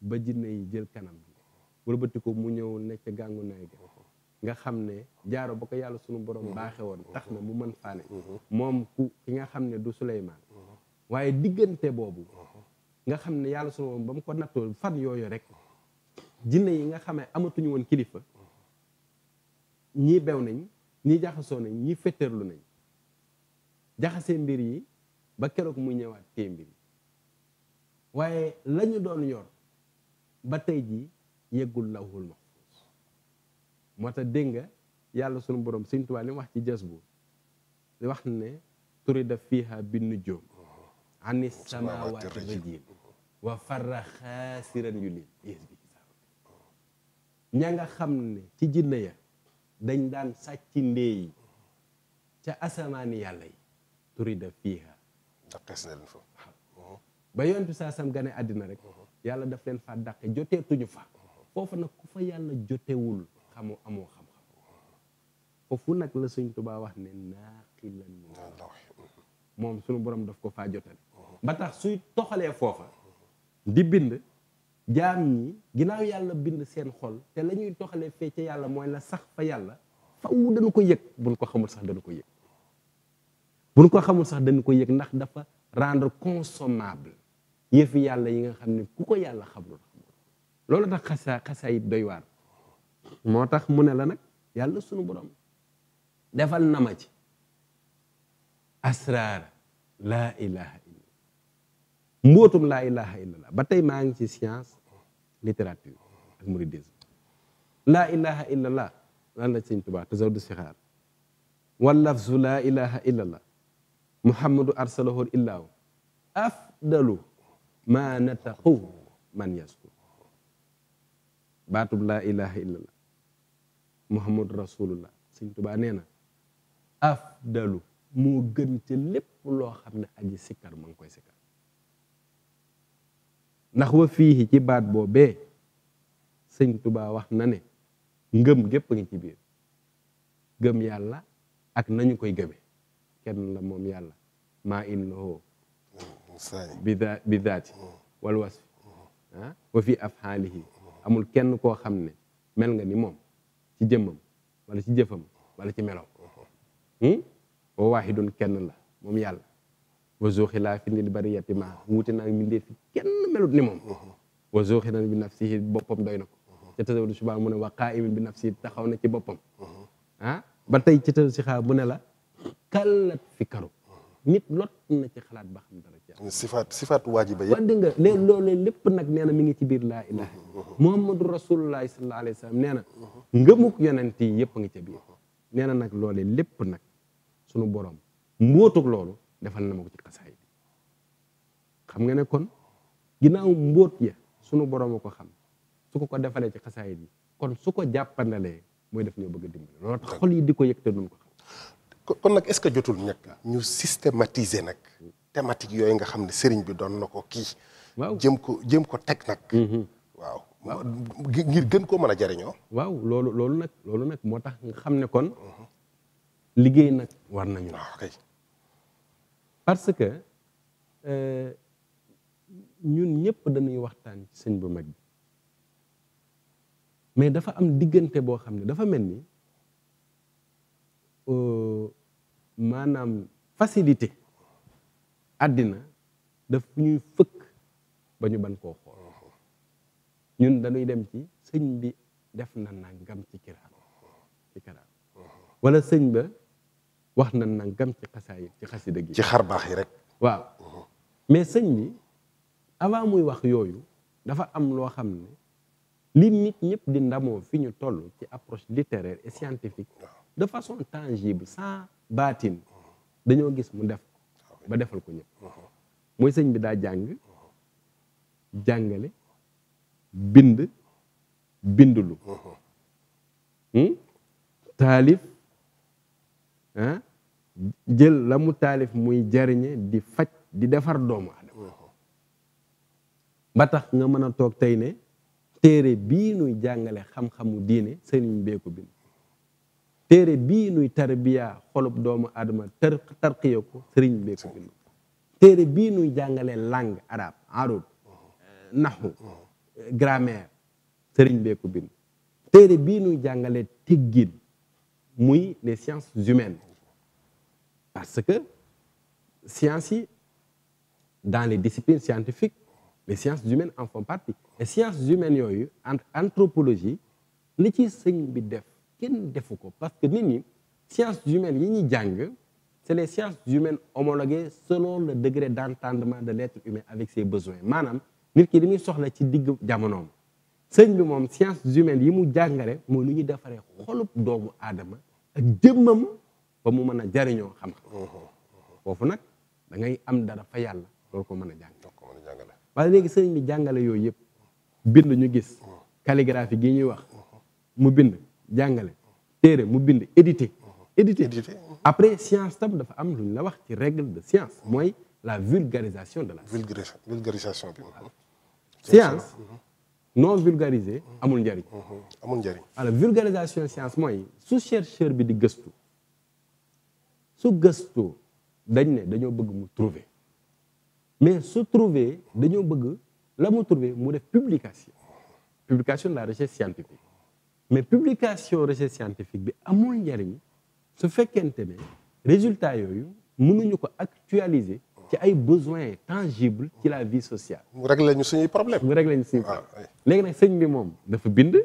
ba jinne yi jël kanam bi wëlbati ko mu ñëw nekk gàngu naay ga nga xam ne jaaro ba ko yàlla sunu borom baaxe woon tax na mu mën faane moom ku ki nga xam ne du Suleymaan waaye diggante boobu nga xam ne yàlla sunu borom ba mu ko nattoo fan yooyu rek jinne yi nga xamee amatuñu woon kilifa ñii bew nañ ñii jaxasoo nañ ñii fetteerlu nañ jaxasee mbir yi ba keroog mu ñëwaat tee yi waaye lañu doon yor ba tey ji yeggul lawhul mahfuz moo tax dégg nga yàlla sunu borom Sëñ Tuubaa li mu wax ci jës bu di wax ne turida fiiha bin nujuum ani samaawaati rajim wa farra yu liin ña nga xam ne ci jinne ya dañ daan sàcc ndee yi ca asamaani yàlla yi turida fiiha daqees ba yontu saa sam gane àddina rek yàlla daf leen fa dàqe joteetuñu fa foofu nag ku fa yàlla jotewul xamoo amoo xam-xam foofu nag la suñ tubaa wax ne naaqilan moom suñu borom daf ko faa jotale ba tax suy toxalee foofa di bind jaam ñi ginnaaw yàlla bind seen xol te la ñuy doxalee fee ca yàlla mooy la sax fa yàlla faw dañu ko yëg buñ ko xamul sax dañu ko yëg buñ ko xamul sax dañu ko yëg ndax dafa rendre consommable yëf yàlla yi nga xam ne ku ko yàlla xamul xamul loolu tax xasaa xasaa it doy waar moo tax mu ne la nag yàlla sunu borom defal nama ci asraar laa ilaha illa mbootum laa ilaha illallah ba tey maa ngi ci science littérature ak mouridisme laa ilaha illa allah la sëñ Tuubaa tasawdu sixaar wallafzu laa ilaha illa allah muhammadu arsalahul illaahu afdalu maa nataqu man yasku baatub laa ilaha illa muhammadu rasulullah sëñ Tuubaa afdalu moo gën ca loo xam ne aji sikkar ma koy sikkar ndax wa fii ci baat boobee sëñ Tuba wax na ne ngëm gépp a ngi ci biir gëm yàlla ak nañu koy gëme kenn la moom yàlla maa in lahu bi daati wal wasfi ah, wa fi afhaalihi amul kenn koo xam ne mel nga ni moom ci jëmmam walla ci jëfam wala ci melow hmm? wa waahidun kenn la moom yàlla wasooxi laa fi bari bariyati maa wuute naag mbindéef fi kenn melut ni moom wasooxi nan bi nafsihi boppam doy na ko ca tasawdu subaa mu ne wa qaa'imin bi nafsihi taxaw na ci boppam ah ba tey ci tasawdu si xaa mu ne la kallat fi karu nit lot na ci xalaat ba xam dara ci sifaat sifaat ba yëpp dégg nga léeg loolu lépp nag nee na mi ngi ci biir laa ilaha mm-hmm. muhammadu rasulullahi sallallahu alayhi wa sallam nee na ngëmuk yonent yi yëpp a ngi ca biir mm-hmm. nee na nag loolee lépp nag sunu borom mbóotug loolu defal na ma ko ci xasaay bi xam nga ne kon ginnaaw mbóot ya sunu borom a ko xam su ko ko defalee ci xasaay bi kon su ko jàppandalee mooy def ñoo bëgg a dimbali loolu tax xol yi di ko yëg te duñ ko xam. ce que jotul nag ñu systématiser nag thématique yooyu nga xam ne sëriñ bi doon na ko kii. waaw jëm ko jëm ko teg nag. Mm-hmm. waaw ngir gën koo mën a jariñoo waaw loolu loolu nag loolu nag moo tax xam ne kon mm-hmm. liggéey nag war nañu. Ah, parce que euh, ñun ñëpp dañuy waxtaan ci sëñ bu mag bi mais dafa am diggante boo xam ne dafa mel ni euh, maanaam facilité àddina daf ñuy fëkk ba ñu ban koo xool ñun dañuy dem ci sëñ bi def na nangam ci ci kiraam wala sëñ ba wax na nangam ci xasaay ci xasida gi ci xar baax yi rek waaw mais sëñ bi avant muy wax yooyu dafa am loo xam ne li nit ñëpp di ndamoo fi ñu toll ci approche littéraire et scientifique de façon tangible sans baatin dañoo gis mu def ba defal ko ñëpp mooy sëñ bi daa jàng jàngale bind bindulu hmm? taalif jël lamu taalif muy jariñe di faj di defar doomu adama ba tax nga mën a toog tey ne téere bii nuy jàngale xam-xamu diine sëriñ bee ko bind téere bii nuy tarbiya xolub doomu adama tar tarqiya sëriñ bee bind téere bii nuy jàngale langue arabe arab naxu grammaire sëriñ bee bind téere bii nuy jàngale tiggin muy les sciences humaines parce que sciences yi les disciplines scientifiques les sciences humaines en font partie et sciences humaines yooyu entre anthropologie li ci sëñ bi def kenn defu ko parce que nit ñi sciences humaines yi ñuy jàng c'est les sciences humaines homologuées selon le degré d'entendement de l'être humain avec ses besoins maanaam nit ki li soxla ci digg jamonoom sëñ bi moom sciences humaines yi mu jàngare mooy lu ñuy defaree xolub doomu aadama ak jëmmam ba mu mën a jariñoo xam foofu nag da ngay am dara fa yàlla loolu ko mën a jàng waaye léegi sëriñ bi jàngale yooyu yëpp bind ñu gis calligraphie gi ñuy wax mu bind jàngale téere mu bind édité édité après science tam dafa am lu ñu la wax ci règle de science mooy la vulgarisation de la vulgarisation bi science non vulgarisé amul njariñ mhm. amul njariñ alors vulgarisation science yi su chercheur bi di gëstu su gëstu dañ ne dañoo bëgg mu trouver mais su trouver dañoo bëgg la mu trouver mu def publication publication de la recherche scientifique mais publication recherche scientifique bi amul njariñ su fekkente ne résultat yooyu mënuñu ko actualiser ci ay besoins tangibles ci la vie sociale. mu réglé ñu suñuy problème mu réglé ñu suñuy ah, problème léegi nag sëñ bi moom dafa bind.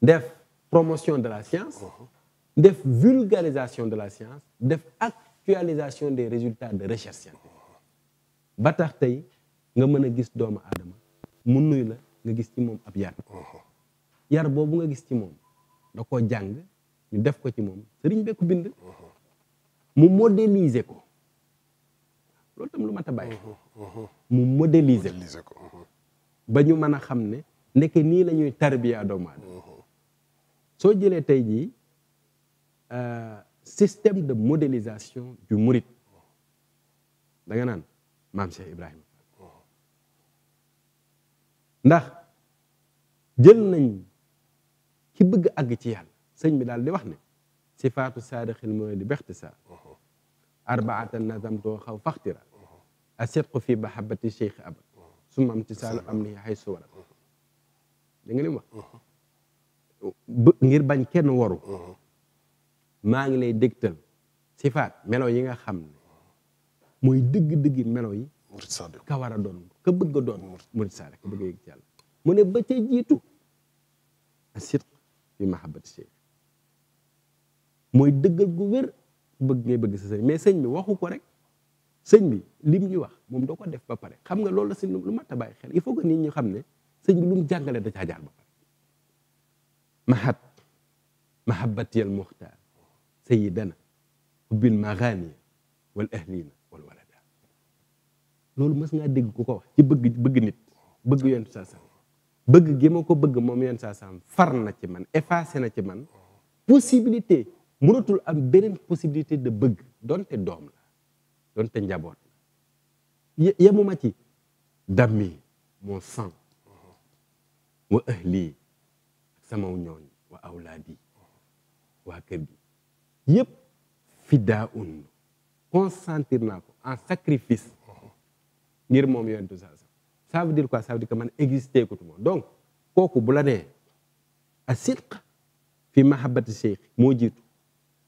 def promotion de la science. Uh-huh. def vulgarisation de la science def actualisation des résultat de recherche scientifique uh-huh. ba tax tey nga mën a gis doomu aadama mu nuyu la nga gis ci moom ab yar. Uh-huh. yar boobu nga gis ci moom da koo jàng ñu def ko ci moom sëriñ be ko bind. mu modéliser ko. loolu tam lu mat a bàyyi. Mm-hmm, mm-hmm. mu modéliser ko mm-hmm. ba ñu mën a xam ne nekke nii lañuy ñuy tarbiya doomu soo jëlee tey jii euh, système de modélisation du murit danga naan maam Cheikh Ibrahima ndax jël nañ ki bëgg àgg ci yàlla sëñ bi daal di wax ne sifaatu saadixil mooy di bexti saa arbaatan nazamtoo xaw faxtira asidqu fi mahabbati cheikh abad am imtisaalu amrihi haysu wara da nga li mu ngir bañ kenn waru maa ngi lay dégtal sifaat melo yi nga xam ni mooy dëgg-dëggi melo yi ka war a doon ka bëgg a doon murid saadiq ka bëgg a yëg mu ne ba ca jiitu asidq fi mahabbati cheikh mooy dëggal gu wér bëgg ngay bëgg sa sëriñ mais sëñ bi waxu ko rek sëñ bi lim ñu wax moom doo ko def ba pare xam nga loolu la si lu mat a bàyyi xel il faut que nit ñi xam ne sëñ bi lu jàngale da caa jaar ba pare mahat mahabbatiyal muxtaar sayidana hubbil maghaniya wal ahlina wal walada loolu mës ngaa dégg ko ko ci bëgg bëgg nit bëgg yonent saa sam bëgg gi ko bëgg moom yonent saa sam far na ci man effacé na ci man possibilité mënatul am beneen possibilité de bëgg donte doom doonte njaboot yemuma ci dammi moo sang wa ahli ak samaw ñooñ wa awlaadi waa kër gi yëpp fidaa un consentir en sacrifice ngir moom yonentu sa ça veut dire quoi ça veut dire que man existé donc kooku bu nee a sidq fi mahabbati cheikh moo jiitu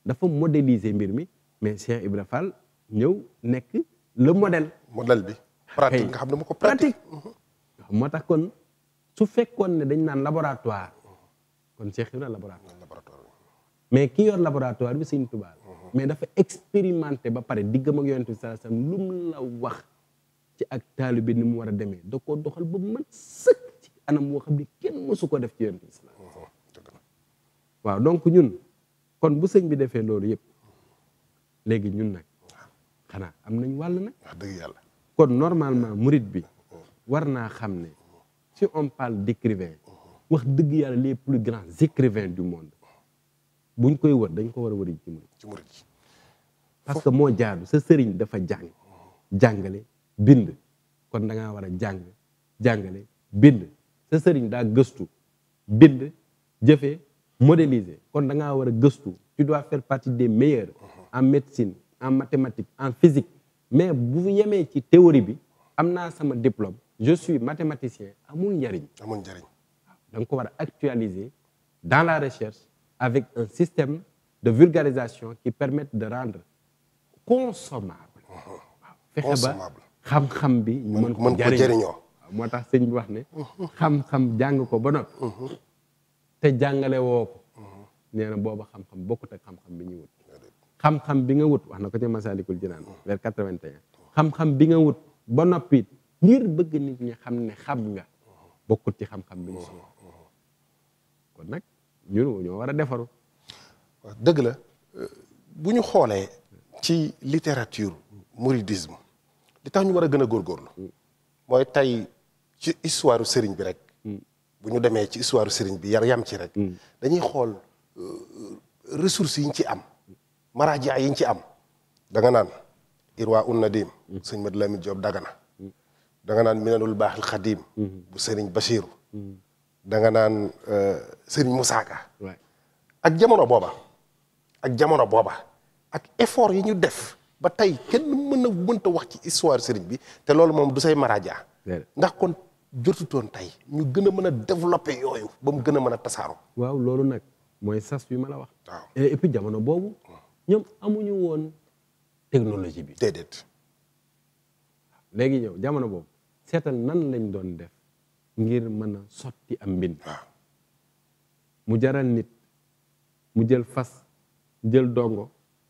dafa modéliser mbir mi mais Cheikh Ibra Fall ñëw nekk le model modèle bi pratique nga xam ne mu ko pratique. Mhm. moo tax kon su fekkoon ne dañ naan laboratoire mhm. kon Cheikh Ibrahima laboratoire. mais ki yor laboratoire bi Sëñ Tuubaa mhm. mais dafa expérimenté ba pare diggam ak Yonent bi sallallahu alayhi lu mu la wax ci ak taalibe bi ni mu war a demee da ko doxal ba mat sëkk ci anam woo xam ne kenn mësu ko def ci Yonent bi sallallahu alayhi waaw donc ñun kon bu sëñ bi defee loolu yëpp léegi ñun nag. xanaa am nañ wàll nag. wax dëgg yàlla. kon normalement murit bi war naa xam ne si on parle d'écrivain wax dëgg yàlla les plus grands écrivains du monde buñ koy wër dañ ko war a wëri ci murit. ci parce que moo jaar sa sëriñ dafa jàng jàngale bind kon da war a jàng jàngale bind sa daa gëstu bind jëfe modéliser kon da ngaa war a gëstu tu dois faire partie des meilleurs en médecine. en mathématiques en physique mais bu yemee ci théorie bi am naa sama diplôme je suis mathématicien amul njariñ amul njariñ da ko war a actualiser dans la recherche avec un système de vulgarisation qui permette de rendre consommable waaw fexe ba xam-xam bi ñu mën ko jëriñoo moo tax sëñ bi wax ne xam-xam jàng ko ba noppi te jàngale woo ko nee na booba xam-xam bokkut ak xam-xam bi ñuy wut xam-xam bi nga wut wax na ko ci Masalikul Jinaan vers quatre-vingt-un xam-xam bi nga wut ba noppit ngir bëgg nit ñi xam ne xam nga bokkut ci xam-xam bi ñu si nag ñun war a defaru waaw dëgg la bu ñu xoolee ci littérature mouridisme li tax ñu war a gën a góor góorgóorlu mooy tey ci histoire sëriñ bi rek bu ñu demee ci histoire sëriñ bi yar yam ci rek mm. dañuy xool euh, ressources yi ñu ci am maraaji yiñ ci am da nga naan irwa un nadim mm-hmm. sëñ Mad mi Joob Dagana da nga naan minanul baaxil xadim mm-hmm. bu sëriñ Bachiru mm-hmm. danga naan euh, sëriñ Musaa Ka ak jamono booba ak jamono booba ak effort yi ñu def ba tey kenn mën a mënta wax ci histoire sëriñ bi te loolu moom du say maraaja ndax kon jotutoon tey ñu gën a mën a développé yooyu ba mu gën a mën a tasaaroo waaw loolu nag mooy sas bi ma la wax waaw et jamono boobu mm. ñoom amuñu woon technologie bi. léegi ñëw jamono boobu seetal nan lañ doon def ngir mën a sotti am mbind. mu jaral nit mu jël fas jël dongo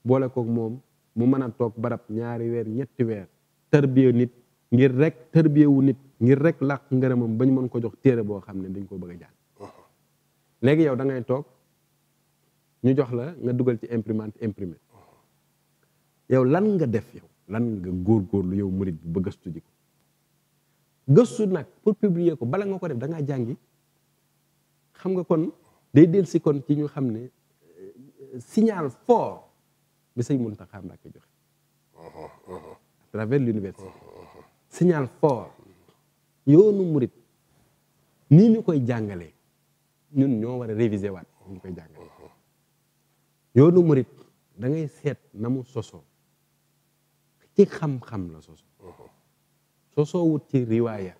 boole kook moom mu mën a toog barab ñaari weer ñetti weer tarbiya nit ngir rek tarbiya wu nit ngir rek làq ngërëmam ba ñu mën ko jox téere boo xam ne dañ koo bëgg a uh-huh. léegi yow da toog. ñu jox la nga dugal ci imprimante imprimé yow lan nga def yow lan nga lu yow murit bi ba gëstu ji ko gëstu nag pour publier ko bala nga ko def da ngaa jàngi xam nga kon day del si kon ci ñu xam ne euh, signal fort bi sëñ Muntaxa Mbàkke joxe à travers l'université signal fort yoonu murit nii ñu koy jàngale ñun ñoo war a réviser waat ñu koy jàngale yoonu murit dangay seet na mu sosoo ci xam-xam la soso sosoo wut ci riwaaya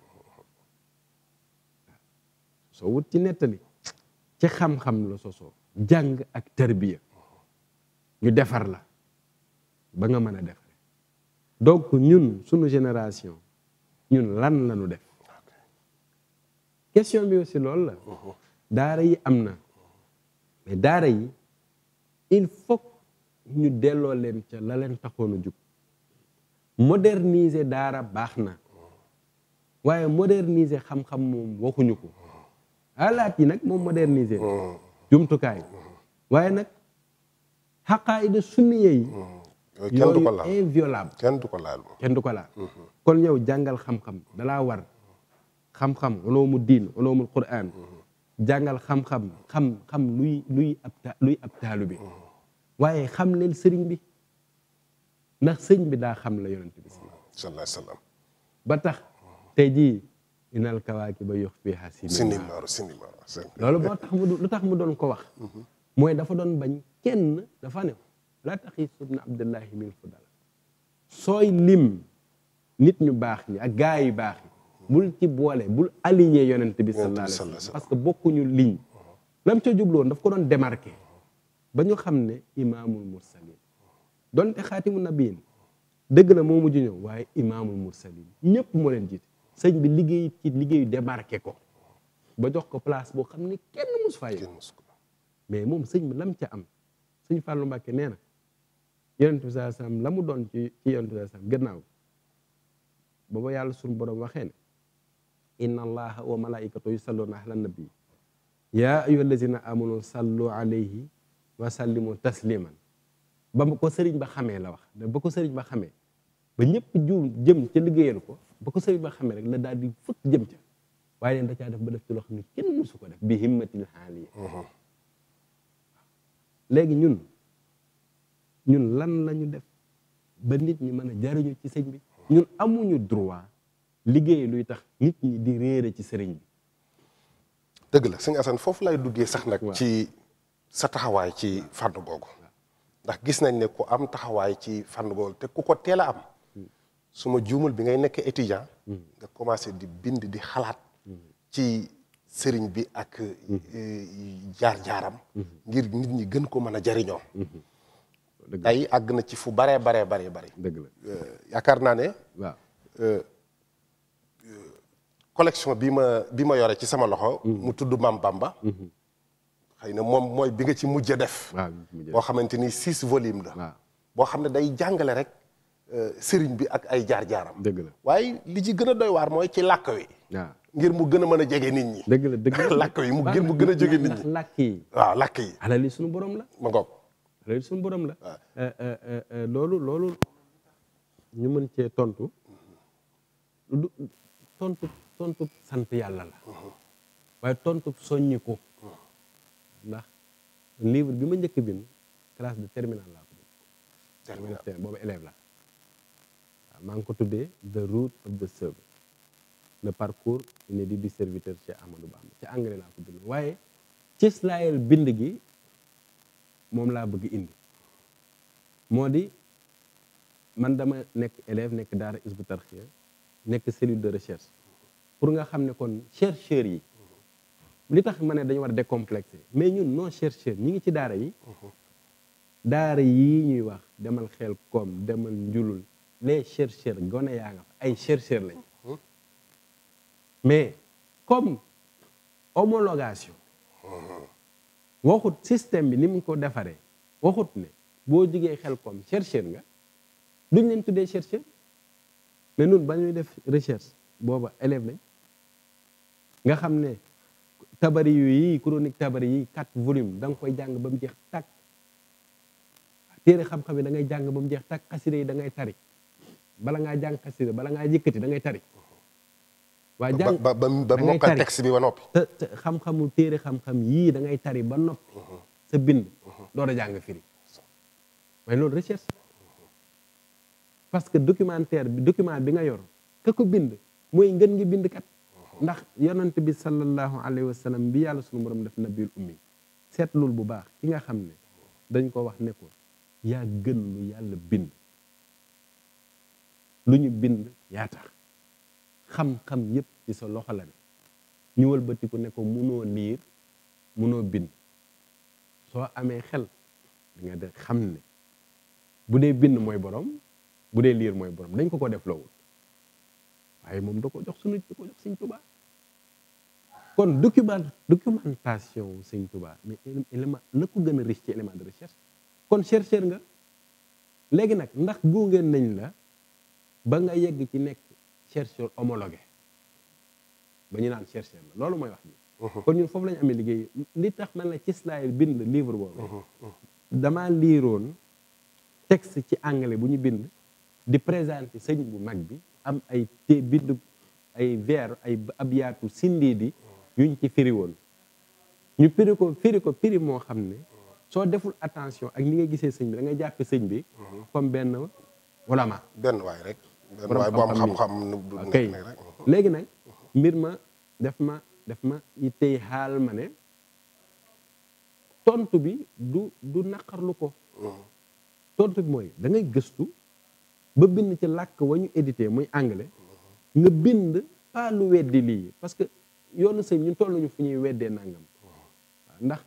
sosoo wut ci nettali ci xam-xam la sosoo jàng ak tarbiya ñu defar la ba nga mën a defare donc ñun sunu génération ñun lan la ñu def question bi aussi loolu la mhm. daara yi am na mais daara yi il faut ñu delloo leen ca la leen taxoon a jug moderniser daara baax na waaye moderniser xam-xam moom waxuñu ko alaat yi nag moom modernise jumtukaay waaye nag xaqaayida sunniya yi mm. kenn du ko laal inviolable kenn du ko laal kenn du ko laal mm-hmm. jàngal xam-xam dalaa war xam-xam uloomu diin uloomul quraan mm-hmm. jàngal xam-xam xam xam luy luy ab bi mm-hmm. waaye xam leen sëriñ bi ndax sëñ bi daa xam la yonent bi sallallahu alayhi ba tax tey jii inal kawaaki ba yox fiiha sinimaaru sinimaaru loolu boo tax mu lu tax mu doon ko wax mhm. mooy dafa doon bañ kenn dafa ne laa taxiis ibn abdullahi min fudala sooy lim nit ñu baax ñi ak gaa yu baax yi bul ci boole bul aligné yonent bi sallallahu alayhi parce que bokkuñu ligne mhm. lam ca jubloon daf ko doon démarqué ba ñu xam ne imaamul mursalin donte xaatimu nabiyin dëgg la moo mujj ñëw waaye imaamul mursalin ñëpp moo leen jiite sëñ bi liggéey ci liggéeyu débarqué ko ba jox ko place boo xam ne kenn mus fay mais moom sëñ bi lam ci am sëñ Fallou Mbacké nee na yonent bi saa salaam la mu doon ci ci yonent bi saa salaam gannaaw booba yàlla suñu borom waxee ne inna allaha wa malaikatu yusalluna ala nabi ya ayyuhallazina amanu sallu alayhi waa wasallimu tasliman ba ko sëriñ ba xamee la wax ba ko sëriñ ba xamee ba ñëpp juum jëm ca liggéeyal ko ba ko sëriñ ba xamee rek la daal di fëkk jëm ca waaye leen da caa def ba def ci loo xam ne kenn musu ko def bi himmatil xaali mhm. léegi ñun ñun lan la def ba nit ñi mën a jariñu ci sëñ bi mhm. ñun amuñu droit liggéey luy tax nit ñi di réere ci sëriñ bi dëgg la sëñ Assane foofu lay duggee sax nag ci sa taxawaay ci fànn googu ndax gis nañ ne ku am taxawaay ci fànn googu te ku ko teel a am su ma juumul bi ngay nekk étudiant nga commencé di bind di xalaat ci sëriñ bi ak eh, jaar-jaaram ngir nit ñi gën ko mën a jariñoo tey àgg na ci fu baree baree baree bari dëgg eh, yaakaar naa ne waaw eh, collection bi ma bi ma yore ci sama loxo mm-hmm. mu tudd Maam Bamba mm-hmm. xëy na moom mooy bi nga ci mujj def. boo xamante ni six volume la. boo xam ne day jàngale rek euh, sëriñ bi ak ay jaar-jaaram. dëgg la waaye li ci gën a doy waar mooy ci làkk wi. ngir mu gën a mën a jege nit ñi. dëgg la làkk yi mu ngir mu gën a jege nit làkk yi waaw yi. alali suñu borom la. ma ngoog. alali suñu la. Euh, euh, loolu loolu ñu mën cee tontu tontu tontu sant yàlla la. Mm-hmm. waaye tontu soññi ko. ndax livre bi ma njëkk bind classe de terminale laa ko bind. boobu élève la maa ngi ko tuddee the route of the service le parcours inédit du serviteur chez Amadou Bamba ci anglais laa ko bind waaye cëslaayal bind gi moom laa bëgg indi moo di man dama nekk élève nekk daar Hizbut Tarqiyyah nekk cellule de recherche pour nga xam ne kon chercheurs yi li tax ma ne dañu war a décomplexé mais ñun noo chercheur ñu ngi ci daara yi daara yi ñuy wax demal xel koom demal njulul les chercheurs gone yaa nga fa ay chercheurs lañ mais comme homologation waxut système bi ni mu ko defaree waxut ne boo jigee xel koom chercheur nga duñ leen tuddee chercheur mais nun ba ñuy def recherche booba élève lañ nga xam ne tabari yi chronique tabari yi quatre volumes da danga koy jàng ba mu jeex tàkk téere xam yi da ngay jàng ba mu jeex tàkk xasida yi da ngay tari bala ngaa jàng bala ngaa yëkkati da ngay tari. waa jàng ba ba ba mokkal texte bi ba noppi. téere xam yii da ngay tari ba noppi. Mhm. sa bind. Mhm. door a jàng firi. loolu recherche mhm. parce que bi document bi nga yor ka mooy ngën ngi bind kat. ndax yonent bi sallallahu alayhi wa bi yàlla sunu borom def nabiyul ummi seetlul bu baax ki nga xam ne dañ ko wax ne ko gën lu yàlla bind lu ñu bind yaa tax xam ci sa loxo la ne ñu ne ko munoo niir munoo bind soo amee xel da nga de xam ne bu dee bind mooy borom bu dee liir mooy borom dañ ko ko def loowul waaye moom da ko jox sunu da ko jox Sëñ Tuubaa kon document documentation sëñ Touba mais élément la ko gën a riche ci élément de recherche kon chercheur nga léegi nag ndax góogeen nañ la ba nga yegg ci nekk chercheur homologué ba ñu naan chercheur la loolu mooy wax ji uh-huh. kon ñun foofu lañu amee liggéey li tax man la ci Israël bind livre boobu uh-huh, uh-huh. damaa liiroon texte ci anglais bu ñu bind di présente sëñ bu mag bi am ay té bind ay vers ay abyaatu sindii di ñu ci firi woon ñu firi ko firi ko firi moo xam ne soo deful attention ak ni nga gisee sëñ bi da nga jàppe sëñ bi mhm. comme benn wulamaa benn waay rek benn waay bu am xam-xam kay mhm. léegi nag mbir ma def ma def ma yittey xaal ma ne tontu bi du du naqarlu ko mhm. tontu bi mooy dangay gëstu ba bind ci làkk wa ñu muy anglais nga bind pas lu weddi lii parce yoonu sëñ ñun ñu fu ñuy weddee nangam ndax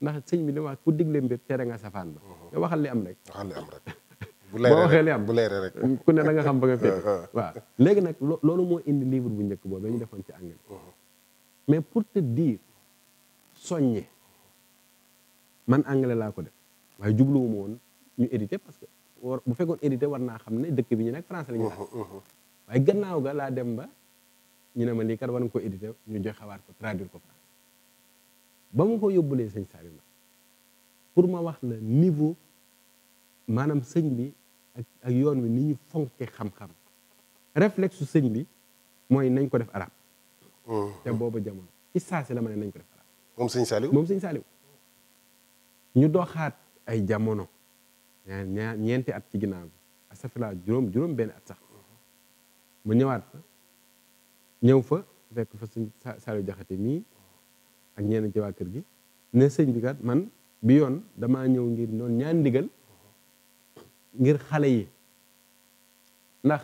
ndax sëñ bi dama ku digle mbir tere nga safaan ba nga waxal li am rek waxal li am waxee li am bu leeree rek ku ne da nga xam ba nga féete waaw léegi nag loolu moo indi livre bu njëkk boobu ñu defoon ci anglais mais pour te dire soññe man anglais laa ko def waaye jubluwuma woon ñu édité parce que bu fekkoon édité war naa xam ne dëkk bi ñu nekk français la ñu waaye gannaaw ga laa dem ba ñu ne ma lii kat war ñu joxewaat ko traduire ko ba mu ko yóbbulee sëñ Saliou pour ma wax la niveau maanaam sëñ bi ak yoon wi ni ñu fonke xam sëñ bi mooy nañ ko def arab mm-hmm. te boobu jamono ci la ma ne nañ ko def arab moom sëñ ñu doxaat ay jamono ñaar ñeenti at ci ginnaaw bi asafilaa juróom juróom benn at sax mm-hmm. mu ñëwaat ñëw fa fekk fa sëñ Saliou Jaxate mii ak ñenn ci waa kër gi ne sëñ bi kat man bi yoon dama ñëw ngir noonu ñaan ndigal ngir xale yi ndax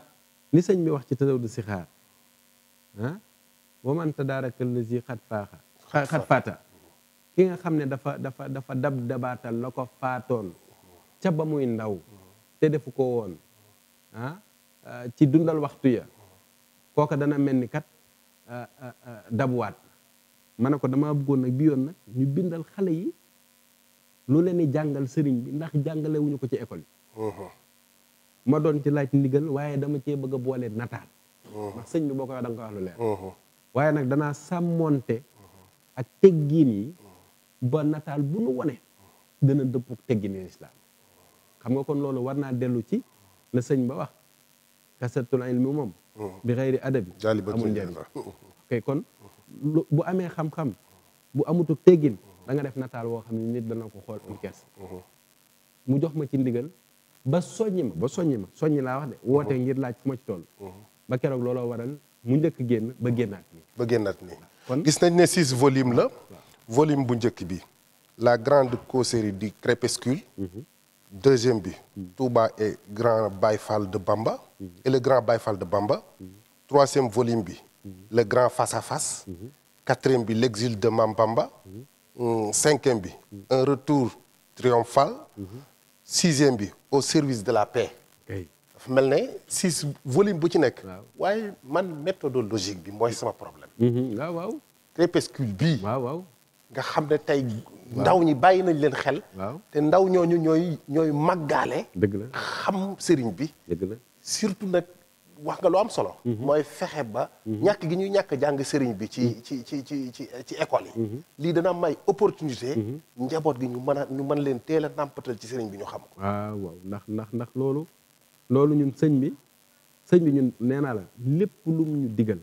ni sëñ bi wax ci tasaw du sixaar ah daara daarakal la si xat faata ki nga xam ne dafa dafa dafa dab dabaatal la ko faatoon ca ba muy ndaw te defu ko woon ah ci dundal waxtu ya kooka dana mel ni kat euh, euh, euh, dabuwaat ma ne ko dama bëggoon nag bi yoon nag ñu bindal xale yi lu leen di jàngal sëriñ bi ndax jàngalewuñu ko ci ecole yi uh-huh. ma doon ci laaj ndigal waaye dama cee bëgg a boole nataal uh-huh. ndax sëñ bi boo ko wax da nga wax lu leer uh-huh. waaye nag danaa sàmmoonte ak teggiin yi ba nataal bu nu wone dana dëpp teggini lislaam xam nga kon loolu war naa dellu ci la sëñ ba wax kasatul ilmi moom bi xëyri adabi amul njëriñ kon bu amee xam-xam bu amutu teggin danga def nataal woo xam ne nit dana ko xool am kees mm-hmm. Mm-hmm. mu jox ma ci ndigal ba soññi ma ba soññi ma soññi laa wax de woote mm-hmm. ngir laaj fu ma ci tool ba keroog looloo waral mu njëkk génn ba génnaat nii ba kon gis nañ ne six volume la volume bu njëkk bi la grande causerie du crépuscule deuxième bi Touba est grand Baye Fall de Bamba et le grand Baye de Bamba troisième volume bi le grand face à face quatrième bi l'exil de Mam Bamba cinquième bi un retour triomphal sixième bi au service de la paix dafa mel ne six volume bu ci nekk waaye man méthodologique bi mooy sama problème mhm. waaw waaw nga xam ne tey ndaw ñi bàyyi nañ leen xel. te ndaw ñooñu ñooy ñooy màggaale. dëgg la xam sëriñ bi. dëgg la surtout nag wax nga lu am solo. Mhm. fexe ba. Mhm. ñàkk gi ñuy ñàkk jàng sëriñ bi ci mhm. ci ci ci ci ci école yi. lii dana may opportunité. njaboot gi ñu mën a ñu mën leen teel a nàmpatal ci sëriñ bi ñu xam ko. waaw ndax ndax ndax loolu. loolu ñun sëñ bi sëñ bi ñun nee naa la lépp lu mu ñu digal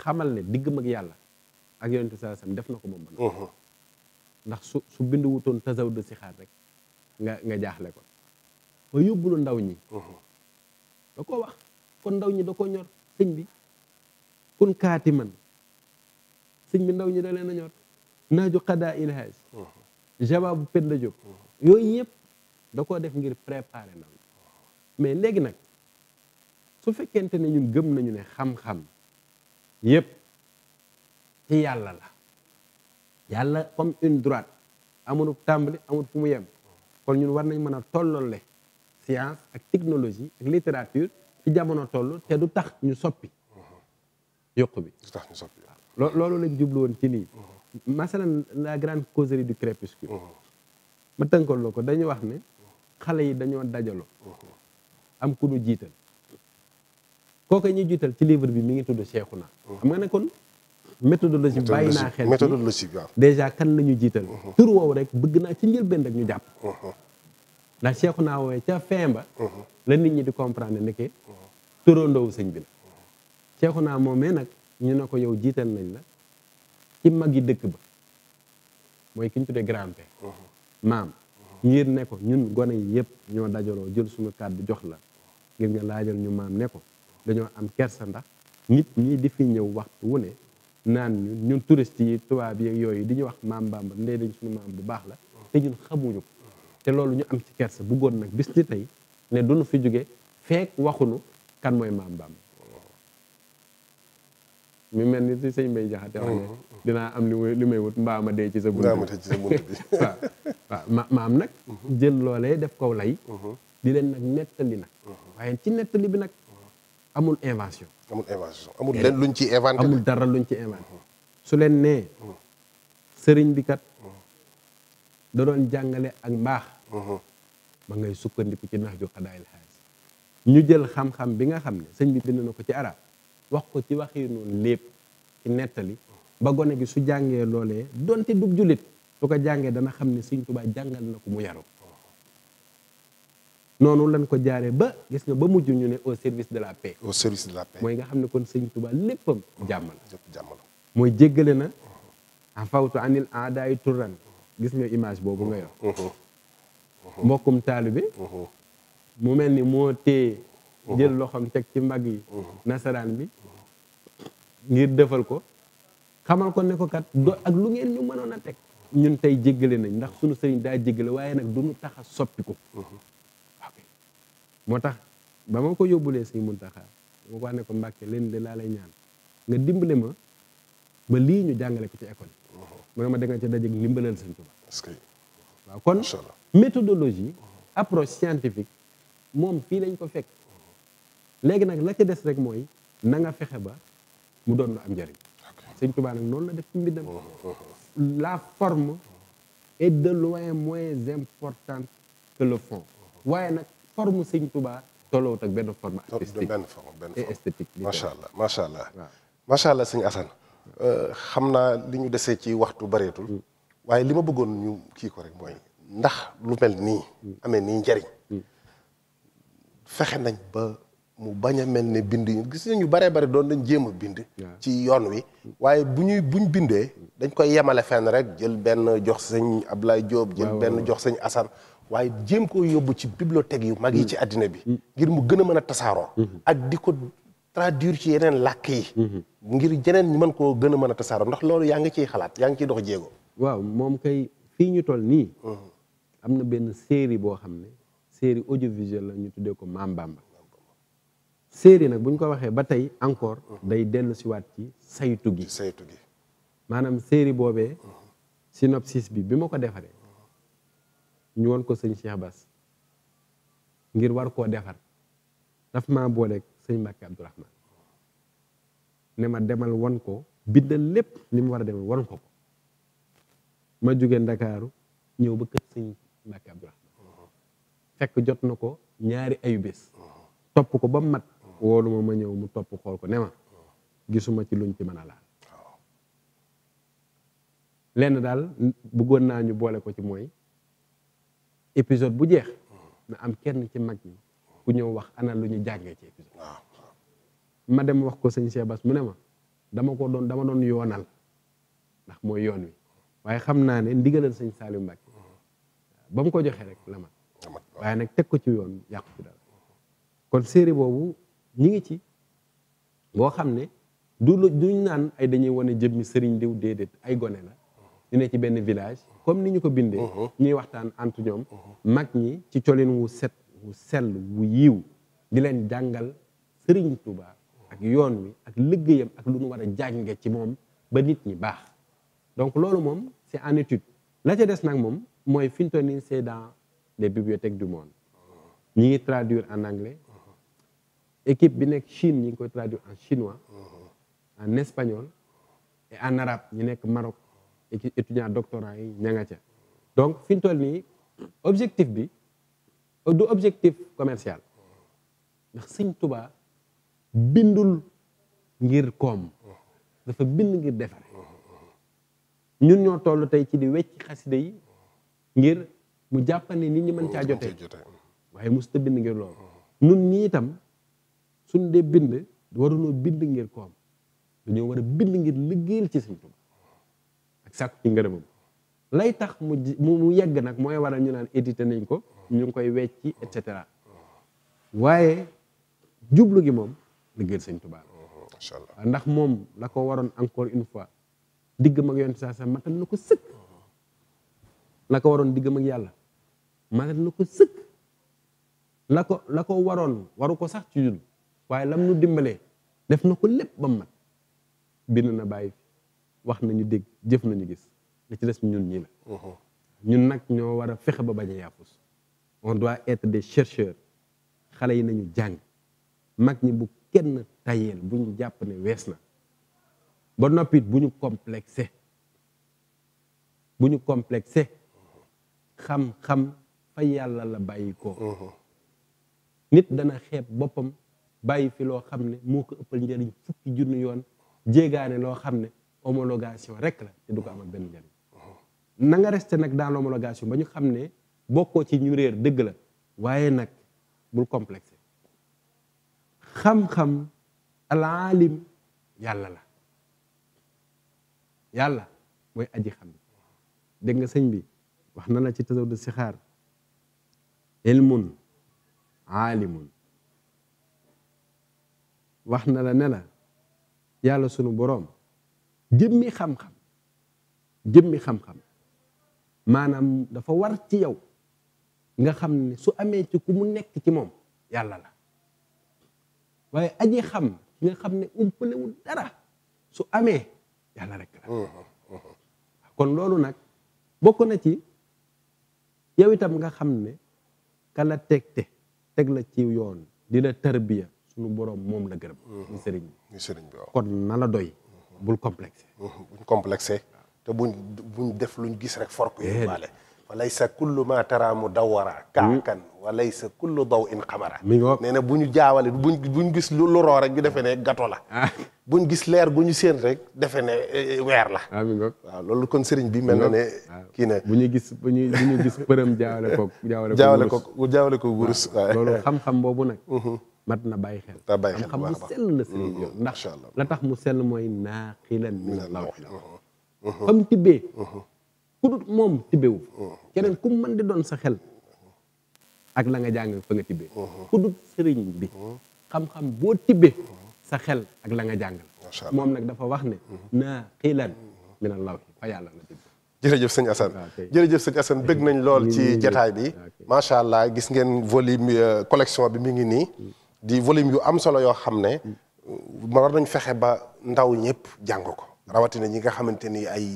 xamal ne diggam mag yàlla ak yonent saa sam def na ko moom. ndax su su bind wutoon tasaw si xaar rek nga nga jaaxle ko ba yóbbulu ndaw ñi mhm. da koo wax kon ndaw ñi da koo ñor sëñ bi kun kaati man sëñ bi ndaw ñi da leen a ñor naaju xadaa ilhaj mhm. jababu penda jóg mhm. yooyu yëpp da koo def ngir préparer ndaw ñi mais léegi nag su fekkente ne ñun gëm nañu ne xam-xam yëpp ci yàlla la yàlla comme une droite amul tàmbali amul fu mu yem kon ñun war nañ mën a tolloole science ak technologie ak littérature ci jamono toll te du tax ñu soppi yokk bi du tax ñu soppi loolu lañ jublu ci lii masalan la grande causerie du crépuscule mmh. ma tënkal la ko dañu wax ni xale yi dañoo dajaloo mmh. am ku ñu jiital kooku ñi jiital ci livre bi mi ngi tudd Cheikhouna mmh. xam nga ne kon méthodologie bàyyi naa xel méthodologie waaw dèjà kan la ñu jiital tur woowu rek bëgg naa ci njëlbeen rek ñu jàpp ndax seexu naa woowee ca fin ba la nit ñi di comprendre nekke turandoowu sëñ bi la seexu naa moomee nag ñu ne ko yow jiital nañ la ci mag yi dëkk ba mooy ki ñu tuddee grand-père maam ngir ne ko ñun gone yi yëpp ñoo dajaloo jël suñu kàddu jox la ngir nga laajal ñu maam ne ko dañoo am kersa ndax nit ñi di fi ñëw waxtu wu ne naan ñun touristes yi tubaab yi yooyu di ñu wax maam Bamba ndey dañ suñu maam bu baax la te ñun xamuñu ko te loolu ñu am ci kersa bëggoon nag bis ni tey ne nu fi jóge feek waxuñu kan mooy maam Bamba mi mel ni sëñ Mbay Jaxate mm-hmm. dinaa am li li may wut mbaa ma dee ci sa bunt bi waaw waaw ma maam nag mm-hmm. jël loolee def kow lay mm-hmm. di leen nag nettali nag waaye ci nettali bi nag amul invention amul invention amul leen luñ ci inventé amul dara luñ ci inventé su leen nee sëriñ bi kat da doon jàngale ak mbaax ba ngay sukkandiku ci nax ju xadaayil xaalis ñu jël xam-xam bi nga xam ne sëñ bi bind na ko ci arab wax ko ci waxiinu lépp ci nettali ba gone bi su jàngee loolee donte dug julit su ko jàngee dana xam ne sëñ Tuubaa jàngal na ko mu yaru noonu lañ ko jaaree ba gis nga ba mujj ñu ne au service de la paix. au service de la paix mooy nga xam ne kon sëñ Tuba léppam mm-hmm. jàmm la. jàmm la mooy jéggale na. Mm-hmm. en fawtu anil aadaay turan gis nga image boobu nga yor. Mm-hmm. mbokkum taalibe. mu mel ni moo téye. jël loxom teg ci mbagg yi. nasaraan bi ngir defal ko. xamal ko ne ak lu ngeen ñu mënoon a teg. ñun tey jéggale nañ ndax sunu sëriñ daa jéggale waaye nag du ñu tax a ko moo tax ba moo ko yóbbulee sëñ Muntaxa dama ko wax ne ko Mbàkke leen de laa lay ñaan nga dimbale ma ma lii ñu jàngale ko ci école yi uh-huh. mu ne ma da nga ci daje ndimbalal sëñ Tuubaa waaw kon méthodologie uh-huh. approche scientifique moom fii lañ ko fekk uh-huh. léegi nag la ca des rek mooy na nga fexe ba mu doon lu am njëriñ sëñ Tuubaa nag noonu la def ci mbindam la forme et de loin mooy importante que le fond waaye nag forme sëñ Touba tolloot ak benn forme artistique benn forme benn forme esthétique macha allah macha allah macha allah sëñ Assane euh, xam naa li ñu desee ci waxtu bareetul mm. waaye li ma bëggoon ñu kii ko rek mooy ndax lu mel nii mm. amee nii njariñ mm. fexe nañ ba mu bañ a mel ne bind yi gis nañu baree bari doon dañ jéem a bind ci yoon wi waaye bu ñuy buñ bindee dañ koy yemale fenn rek jël benn jox sëñ Ablaye Diop jël benn jox sëñ Assane waaye jéem koo yóbbu ci bibliothèque yu mag yi ci àddina bi ngir mu gën a mën a tasaaroo ak di ko traduire ci yeneen làkk yi ngir jeneen ñu mën koo gën a mën a tasaaroo ndax loolu yaa ngi ciy xalaat yaa ngi ciy dox jéego waaw moom kay fii ñu toll nii am na benn série boo xam ne série audiovisuelle la ñu tuddee ko Maam Bamba série nag bu ñu ko waxee ba tey encore day dellu si waat ci saytu gi saytu gi maanaam séeri boobee synopsis bi bi ma ko defaree ñu won ko sëñ Cheikh Bass ngir war koo defar daf maa booleek sëñ Mbàkke Abdourahman ne ma demal won ko bindal lépp li mu war a demal won ko ko ma jóge Ndakaaru ñëw ba kër sëñ Mbàkke Abdourahman fekk jot na ko ñaari ayu bés topp ko ba mu mat woolu ma ma ñëw mu topp xool ko ne ma gisuma ci luñ ci mën a laal lenn daal buggoon naa ñu boole ko ci mooy épisode bu jeex na am kenn ci mag mi ku ñëw wax ana lu ñu jàngee ci épisode ah. ma dem wax ko sëñ Cheikh Bass mu ne ma dama ko doon dama doon yoonal ndax mooy yoon wi waaye xam naa ne ndigalal sëñ Saliou Mbacke ba mu ko joxee rek la ma waaye nag teg ko ci yoon yàqu ci dara kon série boobu ñi ngi ci boo xam ne du duñ naan ay dañuy wane jëmmi sëriñ diw déedéet ay gone la ñu ne ci benn village comme ni ñu ko bindee. Mhm. ñuy waxtaan entre ñoom. mag ñi ci colin wu set wu sell wu yiw di leen jàngal Serigne Touba ak yoon wi ak liggéeyam ak lu nu war a jànge ci moom ba nit ñi baax donc loolu moom c'est en étude la ca des nag moom mooy fi ñu toll nii c'est dans les bibliothèques du monde ñi ngi traduire en anglais équipe bi nekk Chine ñi ngi koy traduire en chinois mhm. en espagnol et en arabe ñi nekk Maroc. étudiant doctorat yi ña nga ca donc fi ñu toll nii objectif bi du objectif commercial ndax sëñ Tuubaa bindul ngir koom dafa bind ngir defare ñun ñoo toll tey ci di wecci xasida yi ngir mu jàppal ne nit ñi mën caa jotee waaye mosut a bind ngir loolu nun ñii itam suñ dee bind waruñoo bind ngir koom dañoo war a bind ngir liggéeyal ci sëñ Tuubaa sàkku ci ngërëmam lay tax mu mu yegg nag mooy waral ñu naan édité nañ ko ñu ngi koy wecci et cetera waaye jublu gi moom liggéeyal sëñ Tuubaa macha ndax moom la ko waroon encore une fois digg mag yoon saa sa matal na ko sëkk la ko waroon digg yàlla matal na ko ko la ko waroon waru ko sax ci jul waaye lam nu dimbalee def na ko lépp ba mat bind na bàyyi wax nañu dégg jëf nañu gis li ci des ñun ñi la mhm. ñun nag ñoo war a fexe ba bañ a yaafus on doit être des chercheurs xale yi nañu jàng mag ñi bu kenn tayeel bu jàpp ne wees na ba noppit bu ñu complexé bu ñu complexé xam-xam fa yàlla la bàyyi ko mhm. nit dana xeeb boppam bàyyi fi loo xam ne moo ko ëppal njëriñ fukki junni yoon jéegaane loo xam ne homologation rek la te du ko amal benn njëriñ na nga resté nag dans l'homologation ba ñu xam ne bokkoo ci ñu réer dëgg la waaye nag bul complexé xam-xam alaalim yàlla la yàlla mooy aji xam dégg nga sëñ bi wax na la ci tasaw de sixaar ilmun wax na la ne la yàlla sunu boroom jëmmi xam-xam jëmmi xam-xam maanaam dafa war ci yow nga xam ni su amee ci ku mu nekk ci moom yàlla la waaye aji xam nga xam ne umpalewul dara su amee yàlla rek la kon loolu nag bokk na ci yow itam nga xam ne kala tegte teg la ci yoon di la tarbiya sunu boroom moom la gërëm ni sëriñ bi kon na la doy bul complexé. Mhm, buñ complexé te buñ buñ def luñ gis rek for ko yóbbaale. walaysa kullu ma tara mu dawara kaakan mm. walaysa kullu daw in xamara nee na bu ñu jaawale bu buñ gis lu roo rek ñu defee ne gato la ah. buñ gis leer bu ñu seen rek defe ne e, e, weer la ah, waaw loolu kon sëriñ bi mel na ne kii ne bu ñu gis bu ñu bu ñu gis përëm jaawale koog jaawale ko jaawale ko jaawale ko wurus ah, loolu xam-xam boobu nag mhm. mat na bàyyi xel xam-xam bu sell la sëriñ bi ndax la tax mu sell mooy naaxilan min lawxil xam tibbee ku dut moom tibbewu keneen ku mën di doon sa xel ak la nga jàng fa nga tibbee ku dut sëriñ bi xam-xam boo tibbee sa xel ak la nga jàng moom nag dafa wax ne naaxilan min lawxil fa yàlla la tibbee jërëjëf sëñ Assane jërëjëf sëñ Assane bëgg nañ lool ci jataay bi macha allah gis ngeen volume collection bi mi ngi nii di volume yu am solo yoo xam ne mm, war nañ fexe ba ndaw ñëpp jàng ko rawatina ñi nga xamante ni ay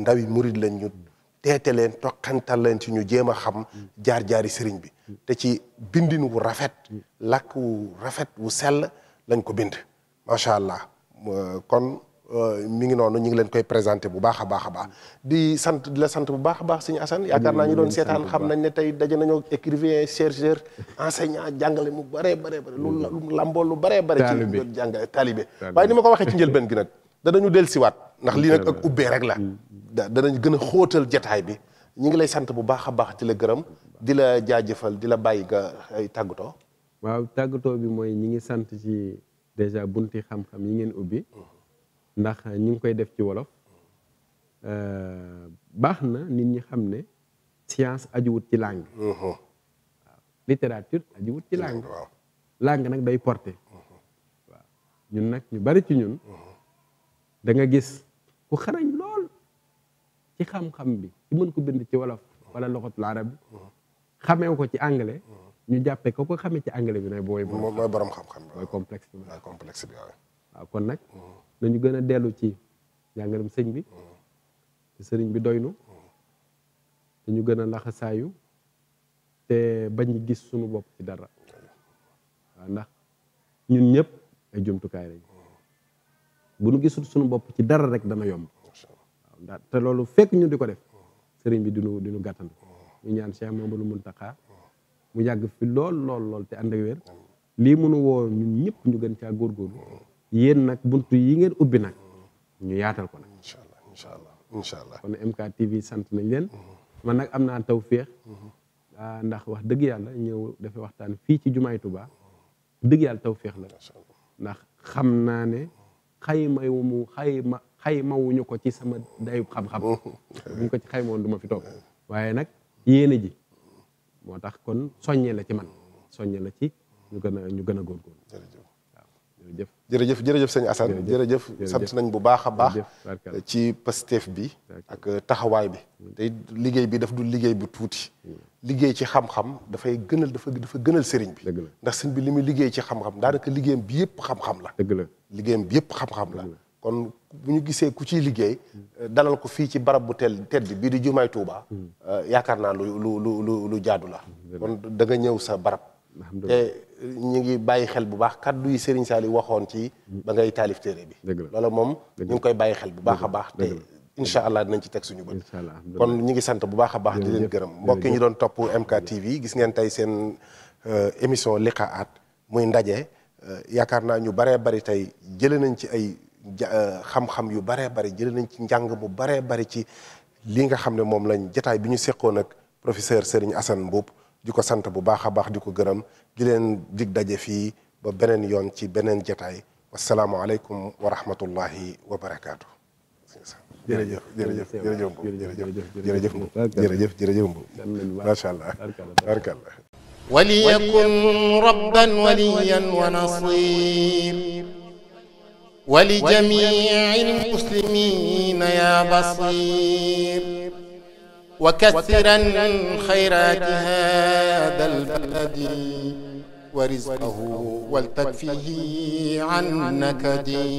ndawi murit lañ ñu teete leen toqantal leen ci ñu jéem a xam jaar-jaari sëriñ bi te ci bindin wu rafet làkk wu rafet wu sell lañ ko bind macha allah kon Euh, mi ngi noonu ñu ngi leen koy présenté bu baax a baax a baax di sant di la sant bu baax a baax suñu Assane yaakaar naa ñu doon mm, seetaan xam nañ ne tey daje nañoo écrivain chercheur enseignant jàngale mu bëree bare bëri lu lu lamboo lu bëree bëri ci doon jàngale talibé waaye ni ma ko waxee ci njëlbeen gi nag danañu siwaat ndax lii nag ak ubbee rek la mm. danañ gën a xóotal jataay bi ñu ngi lay sant bu baax a baax ci la gërëm di la jaajëfal di la bàyyi nga ay tàggatoo waaw tàggatoo bi mooy ñi ngi sant ci déjà bunti xam-xam yi ngeen ubbi mm. ndax ñu ngi koy def ci wolof euh, baax na nit ñi xam ne science ajuwut ci langue mhm. waaw littérature ajuwut ci langue langue nag day porté mhm. ñun nag ñu bari ci ñun mhm. danga gis ku xarañ lool ci xam-xam bi ci mën ko bind ci wolof wala loxatul arab bi xamee ko ci anglais ñu jàppee ko ko xamee ci anglais bi nag booy mooy borom xam-xam mooy complexe bi waaw bi waaw kon nag dañu gën a dellu ci njàngalem sëñ bi mm. te sëriñ bi doy nu mm. ñu gën a laxasaayu te bañ gis sunu bopp ci dara waaw ndax ñun ñëpp ay jumtukaay lañ mm. bu nu gisul suñu bopp ci dara rek dana yomb waaw te loolu fekk ñu di ko def sëriñ bi dinu dinu gàttandu ñu ñaan Cheikh Mamadou Mountakha mu yàgg fi lool lool lool te ànd lii mënu woo ñun ñëpp ñu gën caa góor yéen nag bunt yi ngeen ubbi nag ñu yaatal ko nag. incha allah incha allah incha allah kon MKTV sant nañ leen. man nag am naa tawféex. Ah, ndax wax dëgg yàlla ñëw dafa waxtaan fii ci jumaay Tuubaa dëgg yàlla tawféex la. ndax xam naa ne xayma wu mu xayma xayma wuñu ko ci sama dayub xam-xam. buñ ko ci xayma woon du ma fi toog. waaye nag yéene ji moo tax kon soññee la ci man soññee la ci ñu gën a ñu gën a góorgóorlu. jërëjëf jërëjëf sëñ Assane jërëjëf sant nañ bu baax a baax ci Pastef bi ak taxawaay bi mm. te liggéey bi daf dul liggéey bu tuuti mm. liggéey ci xam-xam dafay gënal dafa dafa gënal sëriñ bi ndax sëriñ bi li muy liggéey ci xam-xam daanaka liggéeyam bi yëpp xam-xam la liggéeyam bi yëpp xam-xam la kon bu ñu gisee ku ciy liggéey mm. dalal ko fii ci barab bu tel tedd bii di jumaay Tuuba euh, yaakaar naa lu lu lu lu jaadu la kon da nga ñëw sa barab te eh, ñu ngi bàyyi xel bu baax kàddu yi Serigne Saliou waxoon ci ba ngay taalif téere bi loola moom ñu ngi koy bàyyi xel bu baax a baax te incha allah dinañ ci teg suñu bët kon ñu ngi sant bu baax a baax di leen gërëm mbokk yi ñu doon topp MKTV gis ngeen tey seen euh, émission liqaat muy ndaje euh, yaakaar naa ñu baree bari tey jële nañ ci ay euh, xam-xam yu baree bari jële nañ ci njàng bu baree bari ci li nga xam ne moom lañ jataay bi ñu seqoon ak professeur Serigne Assane Mboup di ko sant bu baax a baax di ko gërëm di leen dig daje fii ba beneen yoon ci beneen jataay wasalaamualeykum wa rahmatullahi wa barakaatu. jërëjëf jërëjëf jërëjëf Mbow jërëjëf jërëjëf jërëjëf Mbow macha allah barkallah وليكن ربا وليا ونصير ولجميع المسلمين يا بصير wa kathiran xayraati haadal baladi wa rizqahu wal takfihi an nakadi